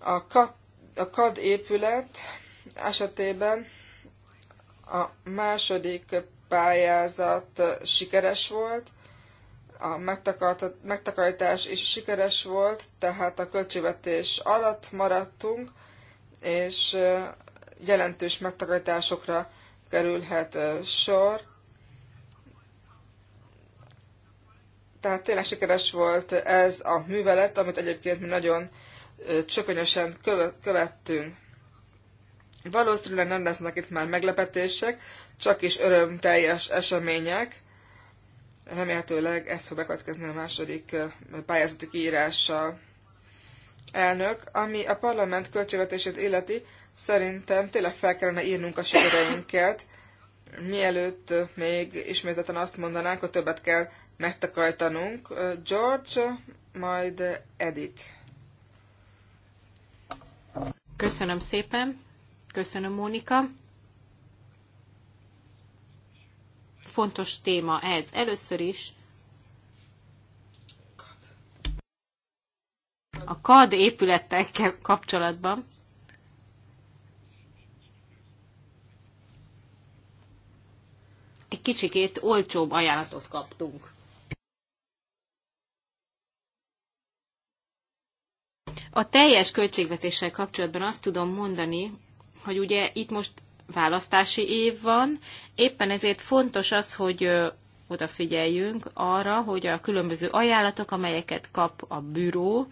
a kat a CAD épület esetében a második pályázat sikeres volt, a megtakarítás is sikeres volt, tehát a költségvetés alatt maradtunk, és jelentős megtakarításokra kerülhet sor. Tehát tényleg sikeres volt ez a művelet, amit egyébként mi nagyon csökönyösen követtünk. Valószínűleg nem lesznek itt már meglepetések, csak is örömteljes események remélhetőleg ez fog bekövetkezni a második pályázati kiírással. Elnök, ami a parlament költségvetését illeti, szerintem tényleg fel kellene írnunk a sikereinket, mielőtt még ismételten azt mondanánk, hogy többet kell megtakarítanunk. George, majd Edith. Köszönöm szépen. Köszönöm, Mónika. fontos téma ez. Először is a KAD épülettel kapcsolatban. Egy kicsikét olcsóbb ajánlatot kaptunk. A teljes költségvetéssel kapcsolatban azt tudom mondani, hogy ugye itt most választási év van, éppen ezért fontos az, hogy odafigyeljünk arra, hogy a különböző ajánlatok, amelyeket kap a büró,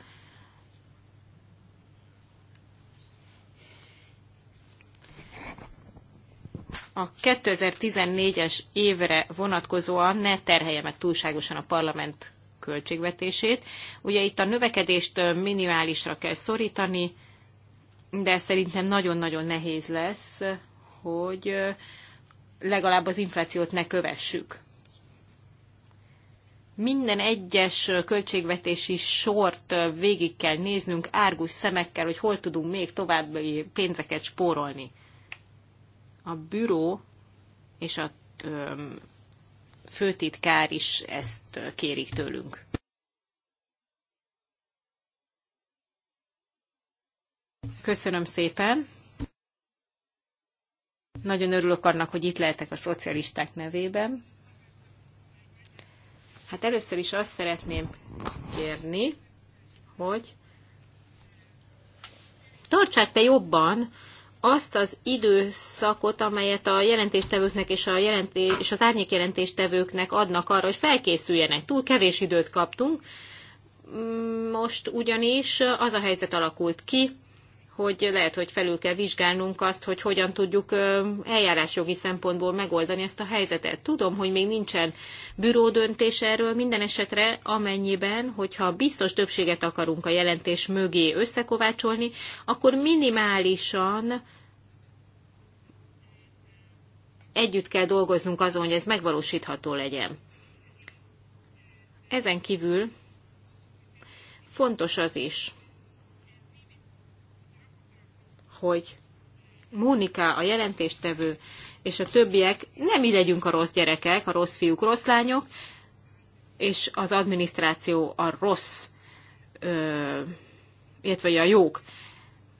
a 2014-es évre vonatkozóan ne terhelje meg túlságosan a parlament költségvetését. Ugye itt a növekedést minimálisra kell szorítani, de szerintem nagyon-nagyon nehéz lesz hogy legalább az inflációt ne kövessük. Minden egyes költségvetési sort végig kell néznünk árgus szemekkel, hogy hol tudunk még további pénzeket spórolni. A büró és a főtitkár is ezt kérik tőlünk. Köszönöm szépen! Nagyon örülök annak, hogy itt lehetek a szocialisták nevében. Hát először is azt szeretném kérni, hogy tartsák be jobban azt az időszakot, amelyet a jelentéstevőknek és, a jelenté- és az árnyék jelentéstevőknek adnak arra, hogy felkészüljenek. Túl kevés időt kaptunk. Mm, most ugyanis az a helyzet alakult ki, hogy lehet, hogy felül kell vizsgálnunk azt, hogy hogyan tudjuk eljárásjogi szempontból megoldani ezt a helyzetet. Tudom, hogy még nincsen bürodöntés erről minden esetre, amennyiben, hogyha biztos többséget akarunk a jelentés mögé összekovácsolni, akkor minimálisan együtt kell dolgoznunk azon, hogy ez megvalósítható legyen. Ezen kívül fontos az is, hogy Mónika, a jelentéstevő és a többiek nem mi legyünk a rossz gyerekek, a rossz fiúk, rossz lányok, és az adminisztráció a rossz, ö, illetve a jók.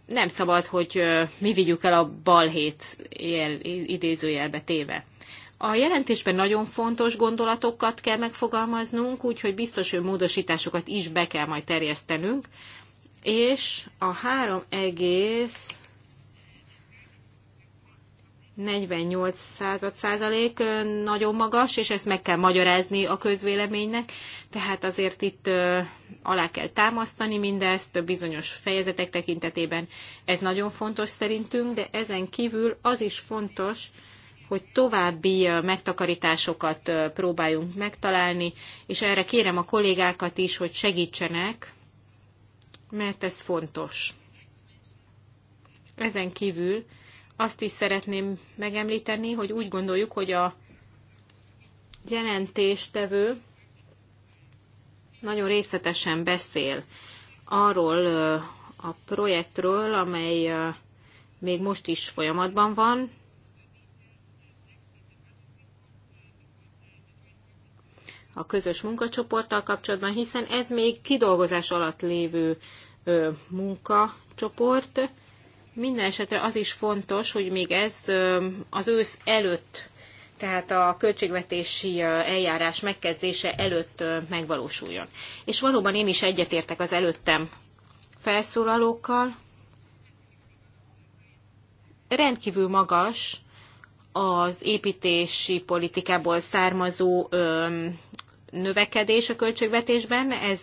Nem szabad, hogy ö, mi vigyük el a balhét jel, idézőjelbe téve. A jelentésben nagyon fontos gondolatokat kell megfogalmaznunk, úgyhogy biztos, hogy módosításokat is be kell majd terjesztenünk, és a 3 egész 48 század százalék nagyon magas, és ezt meg kell magyarázni a közvéleménynek, tehát azért itt alá kell támasztani mindezt, bizonyos fejezetek tekintetében ez nagyon fontos szerintünk, de ezen kívül az is fontos, hogy további megtakarításokat próbáljunk megtalálni, és erre kérem a kollégákat is, hogy segítsenek, mert ez fontos. Ezen kívül azt is szeretném megemlíteni, hogy úgy gondoljuk, hogy a jelentéstevő nagyon részletesen beszél arról a projektről, amely még most is folyamatban van. A közös munkacsoporttal kapcsolatban, hiszen ez még kidolgozás alatt lévő munkacsoport, minden esetre az is fontos, hogy még ez az ősz előtt, tehát a költségvetési eljárás megkezdése előtt megvalósuljon. És valóban én is egyetértek az előttem felszólalókkal. Rendkívül magas az építési politikából származó növekedés a költségvetésben. Ez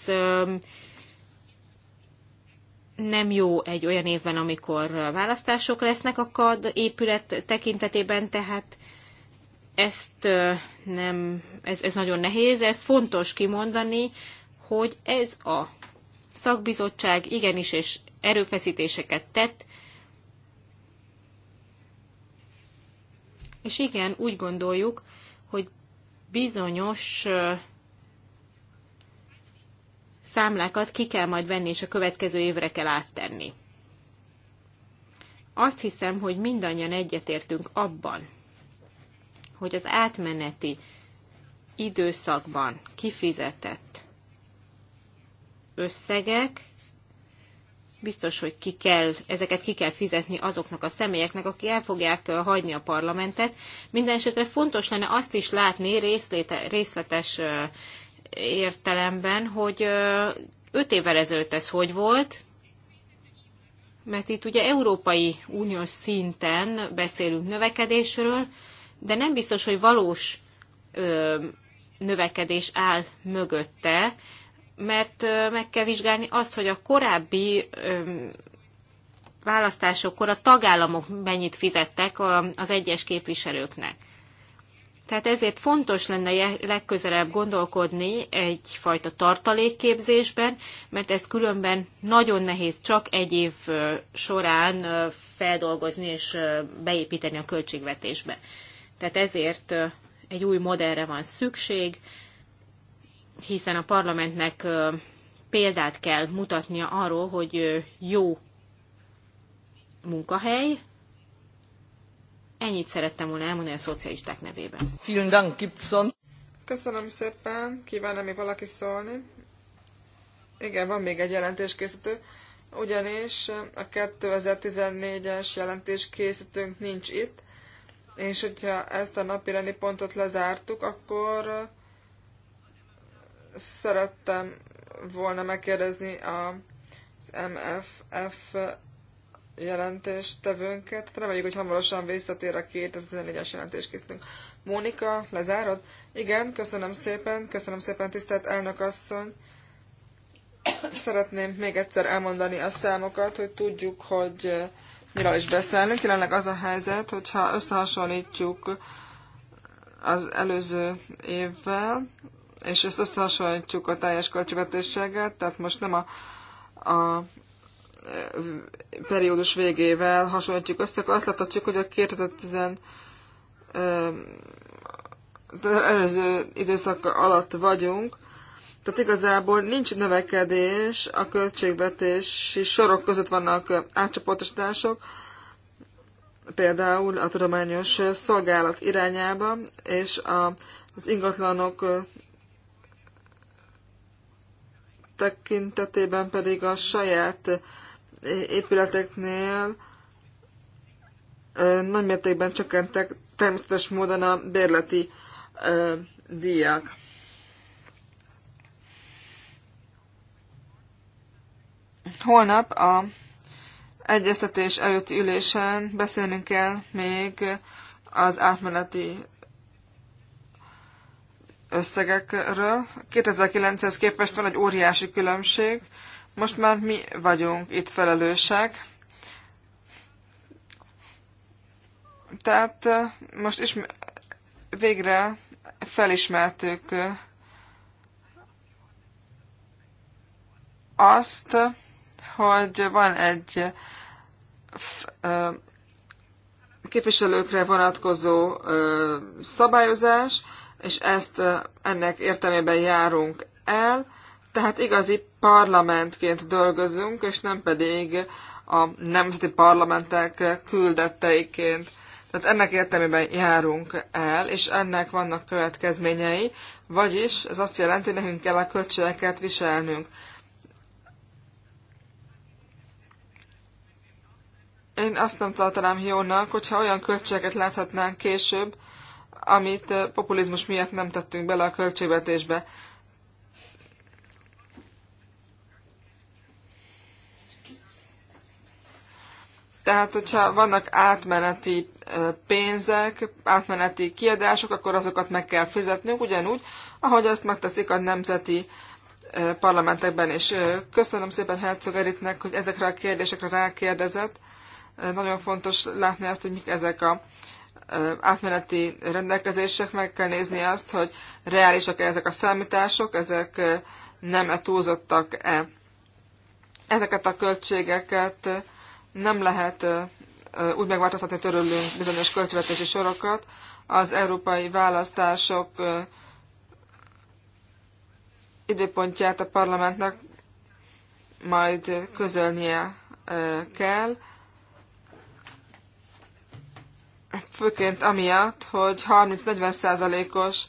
nem jó egy olyan évben, amikor választások lesznek a KAD épület tekintetében, tehát ezt nem, ez, ez nagyon nehéz, ez fontos kimondani, hogy ez a szakbizottság igenis és erőfeszítéseket tett, és igen, úgy gondoljuk, hogy bizonyos számlákat ki kell majd venni, és a következő évre kell áttenni. Azt hiszem, hogy mindannyian egyetértünk abban, hogy az átmeneti időszakban kifizetett összegek biztos, hogy ki kell, ezeket ki kell fizetni azoknak a személyeknek, akik el fogják hagyni a parlamentet. Mindenesetre fontos lenne azt is látni részlete, részletes értelemben, hogy öt évvel ezelőtt ez hogy volt, mert itt ugye Európai Uniós szinten beszélünk növekedésről, de nem biztos, hogy valós ö, növekedés áll mögötte, mert ö, meg kell vizsgálni azt, hogy a korábbi ö, választásokkor a tagállamok mennyit fizettek az egyes képviselőknek. Tehát ezért fontos lenne legközelebb gondolkodni egyfajta tartalékképzésben, mert ez különben nagyon nehéz csak egy év során feldolgozni és beépíteni a költségvetésbe. Tehát ezért egy új modellre van szükség, hiszen a parlamentnek példát kell mutatnia arról, hogy jó munkahely, Ennyit szerettem volna elmondani a szocialisták nevében. Vielen Dank, Gibson. Köszönöm szépen, kívánna még valaki szólni. Igen, van még egy jelentéskészítő, ugyanis a 2014-es jelentéskészítőnk nincs itt, és hogyha ezt a napi pontot lezártuk, akkor szerettem volna megkérdezni az MFF jelentéstevőnket. Hát reméljük, hogy hamarosan visszatér a 2014-es jelentés készítünk. Mónika, lezárod? Igen, köszönöm szépen, köszönöm szépen, tisztelt elnök asszony. Szeretném még egyszer elmondani a számokat, hogy tudjuk, hogy eh, miről is beszélünk. Jelenleg az a helyzet, hogyha összehasonlítjuk az előző évvel, és ezt összehasonlítjuk a teljes költségvetéssel, tehát most nem a, a periódus végével hasonlítjuk össze, akkor azt láthatjuk, hogy a 2010 előző időszak alatt vagyunk, tehát igazából nincs növekedés, a költségvetési sorok között vannak átcsoportosítások, például a tudományos szolgálat irányába, és a, az ingatlanok tekintetében pedig a saját épületeknél nagy mértékben csökkentek természetes módon a bérleti díjak. Holnap a egyeztetés előtti ülésen beszélnünk kell még az átmeneti összegekről. 2009-hez képest van egy óriási különbség, most már mi vagyunk itt felelősek. Tehát most is végre felismertük azt, hogy van egy képviselőkre vonatkozó szabályozás, és ezt ennek értelmében járunk el, tehát igazi parlamentként dolgozunk, és nem pedig a nemzeti parlamentek küldetteiként. Tehát ennek értelmében járunk el, és ennek vannak következményei, vagyis ez azt jelenti, hogy nekünk kell a költségeket viselnünk. Én azt nem tartanám jónak, hogyha olyan költségeket láthatnánk később, amit populizmus miatt nem tettünk bele a költségvetésbe. Tehát, hogyha vannak átmeneti pénzek, átmeneti kiadások, akkor azokat meg kell fizetnünk, ugyanúgy, ahogy azt megteszik a nemzeti parlamentekben. És köszönöm szépen Herzog Eritnek, hogy ezekre a kérdésekre rákérdezett. Nagyon fontos látni azt, hogy mik ezek a átmeneti rendelkezések, meg kell nézni azt, hogy reálisak -e ezek a számítások, ezek nem-e túlzottak-e. Ezeket a költségeket nem lehet úgy megváltoztatni törölünk bizonyos költségvetési sorokat. Az európai választások időpontját a parlamentnek majd közölnie kell, főként amiatt, hogy 30-40 százalékos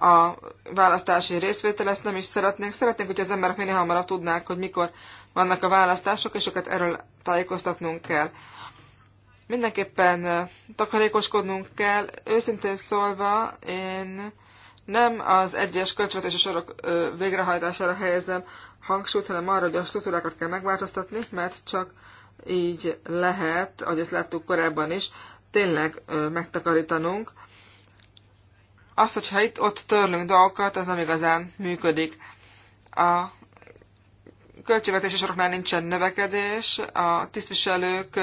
a választási részvétel, ezt nem is szeretnénk. Szeretnénk, hogy az emberek minél hamarabb tudnák, hogy mikor vannak a választások, és őket erről tájékoztatnunk kell. Mindenképpen takarékoskodnunk kell. Őszintén szólva, én nem az egyes költségvetési sorok végrehajtására helyezem hangsúlyt, hanem arra, hogy a struktúrákat kell megváltoztatni, mert csak így lehet, ahogy ezt láttuk korábban is, tényleg megtakarítanunk azt hogyha itt-ott törlünk dolgokat, az nem igazán működik. A költségvetési soroknál nincsen növekedés, a tisztviselők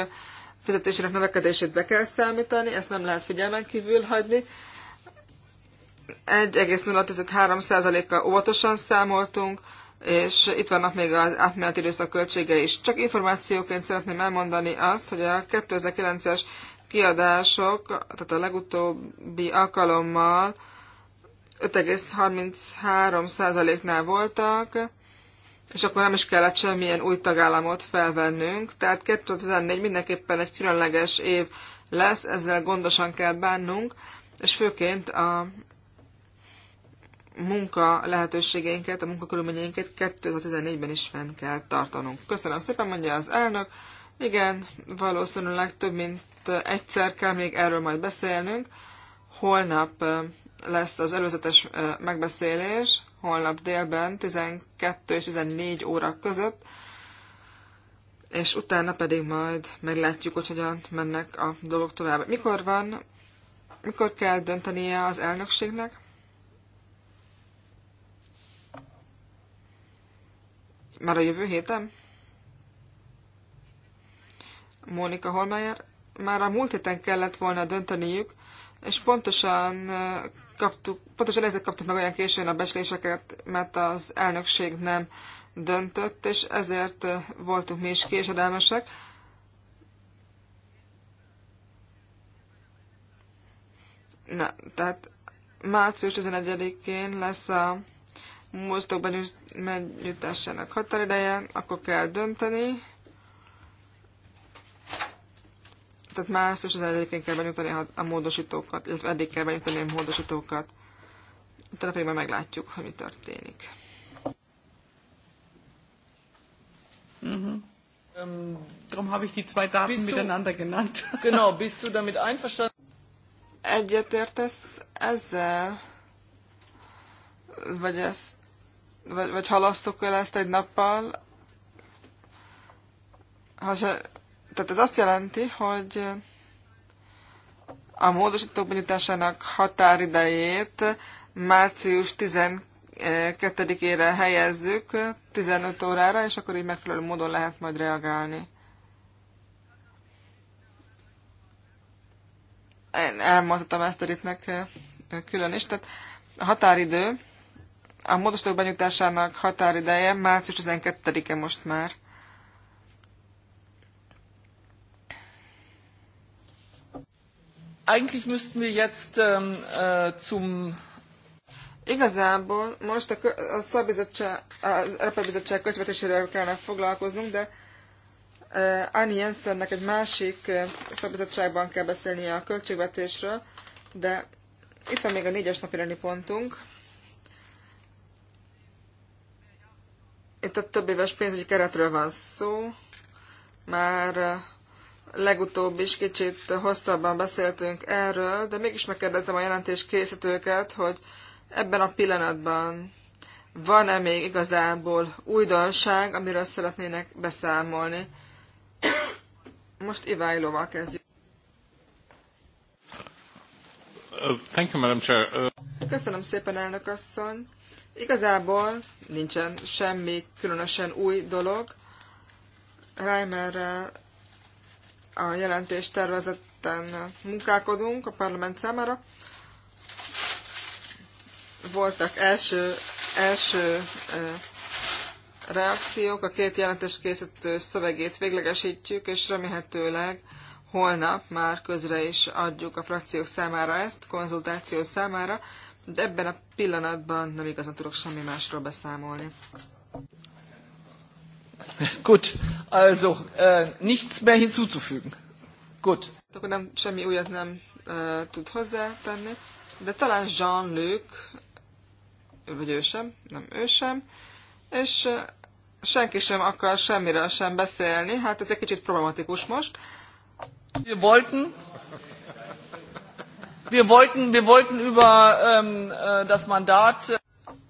fizetésének növekedését be kell számítani, ezt nem lehet figyelmen kívül hagyni. 1,013%-kal óvatosan számoltunk, és itt vannak még az átmeneti időszak költsége is. Csak információként szeretném elmondani azt, hogy a 2009-es kiadások, tehát a legutóbbi alkalommal 5,33%-nál voltak, és akkor nem is kellett semmilyen új tagállamot felvennünk. Tehát 2014 mindenképpen egy különleges év lesz, ezzel gondosan kell bánnunk, és főként a munka lehetőségeinket, a munkakörülményeinket 2014-ben is fenn kell tartanunk. Köszönöm szépen, mondja az elnök. Igen, valószínűleg több mint egyszer kell még erről majd beszélnünk. Holnap lesz az előzetes megbeszélés, holnap délben 12 és 14 óra között, és utána pedig majd meglátjuk, hogy hogyan mennek a dolgok tovább. Mikor van, mikor kell döntenie az elnökségnek? Már a jövő héten? Mónika Holmeyer, már a múlt héten kellett volna dönteniük, és pontosan kaptuk, pontosan ezek kaptuk meg olyan későn a besléseket, mert az elnökség nem döntött, és ezért voltunk mi is késedelmesek. Na, tehát március 11-én lesz a mozdokban nyújtásának határideje, akkor kell dönteni, tehát március az én kell benyújtani a módosítókat, illetve eddig kell benyújtani a módosítókat. Utána pedig majd meglátjuk, hogy mi történik. Mhm. Ähm, darum habe ich die zwei Daten miteinander genannt. genau, bist du damit einverstanden? Egyetértesz ezzel? Vagy ezt vagy, vagy halasszuk el ezt egy nappal? Ha se, tehát ez azt jelenti, hogy a módosítók benyújtásának határidejét március 12-ére helyezzük 15 órára, és akkor így megfelelő módon lehet majd reagálni. Én elmondhatom ezt Eritnek külön is, tehát a határidő, a módosítók benyújtásának határideje március 12-e most már. Eigentlich müssten wir jetzt ähm, äh, zum Igazából most a, a szabizottság, az Európai Bizottság kötvetésével kellene foglalkoznunk, de uh, Annie Jensennek egy másik uh, szabizottságban kell beszélnie a költségvetésről, de itt van még a négyes napi pontunk. Itt a több éves pénzügyi keretről van szó. Már legutóbb is kicsit hosszabban beszéltünk erről, de mégis megkérdezem a jelentés készítőket, hogy ebben a pillanatban van-e még igazából újdonság, amiről szeretnének beszámolni. Most Iványlóval kezdjük. Thank you, Madam Chair. Köszönöm szépen, elnök asszony. Igazából nincsen semmi különösen új dolog. Reimerrel a jelentés tervezetten munkálkodunk a parlament számára. Voltak első, első reakciók, a két jelentés készítő szövegét véglegesítjük, és remélhetőleg holnap már közre is adjuk a frakciók számára ezt, konzultáció számára, de ebben a pillanatban nem igazán tudok semmi másról beszámolni. Gut, also äh, nichts mehr hinzuzufügen. Gut. Hát akkor nem, semmi újat nem uh, tud hozzátenni, de talán Jean-Luc, vagy ő sem, nem ő sem, és uh, senki sem akar semmiről sem beszélni, hát ez egy kicsit problematikus most. Wir wollten, wir wollten, wir wollten über ähm, äh, das Mandat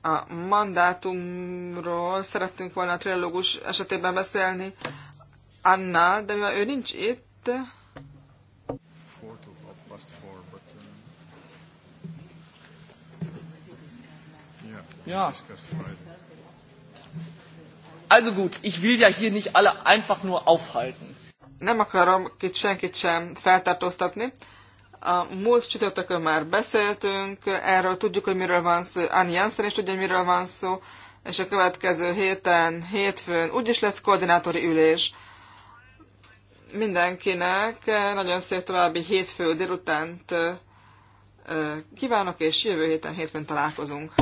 a mandátumról szerettünk volna a trilógus esetében beszélni Annál, de mivel ő nincs itt... Ja. Also gut, ich will ja hier nicht alle einfach nur aufhalten. Nem akarom kit senkit sem feltartóztatni, a múlt csütörtökön már beszéltünk, erről tudjuk, hogy miről van szó, Anni Janssen is tudja, hogy miről van szó, és a következő héten, hétfőn úgyis lesz koordinátori ülés. Mindenkinek nagyon szép további hétfő délutánt kívánok, és jövő héten hétfőn találkozunk.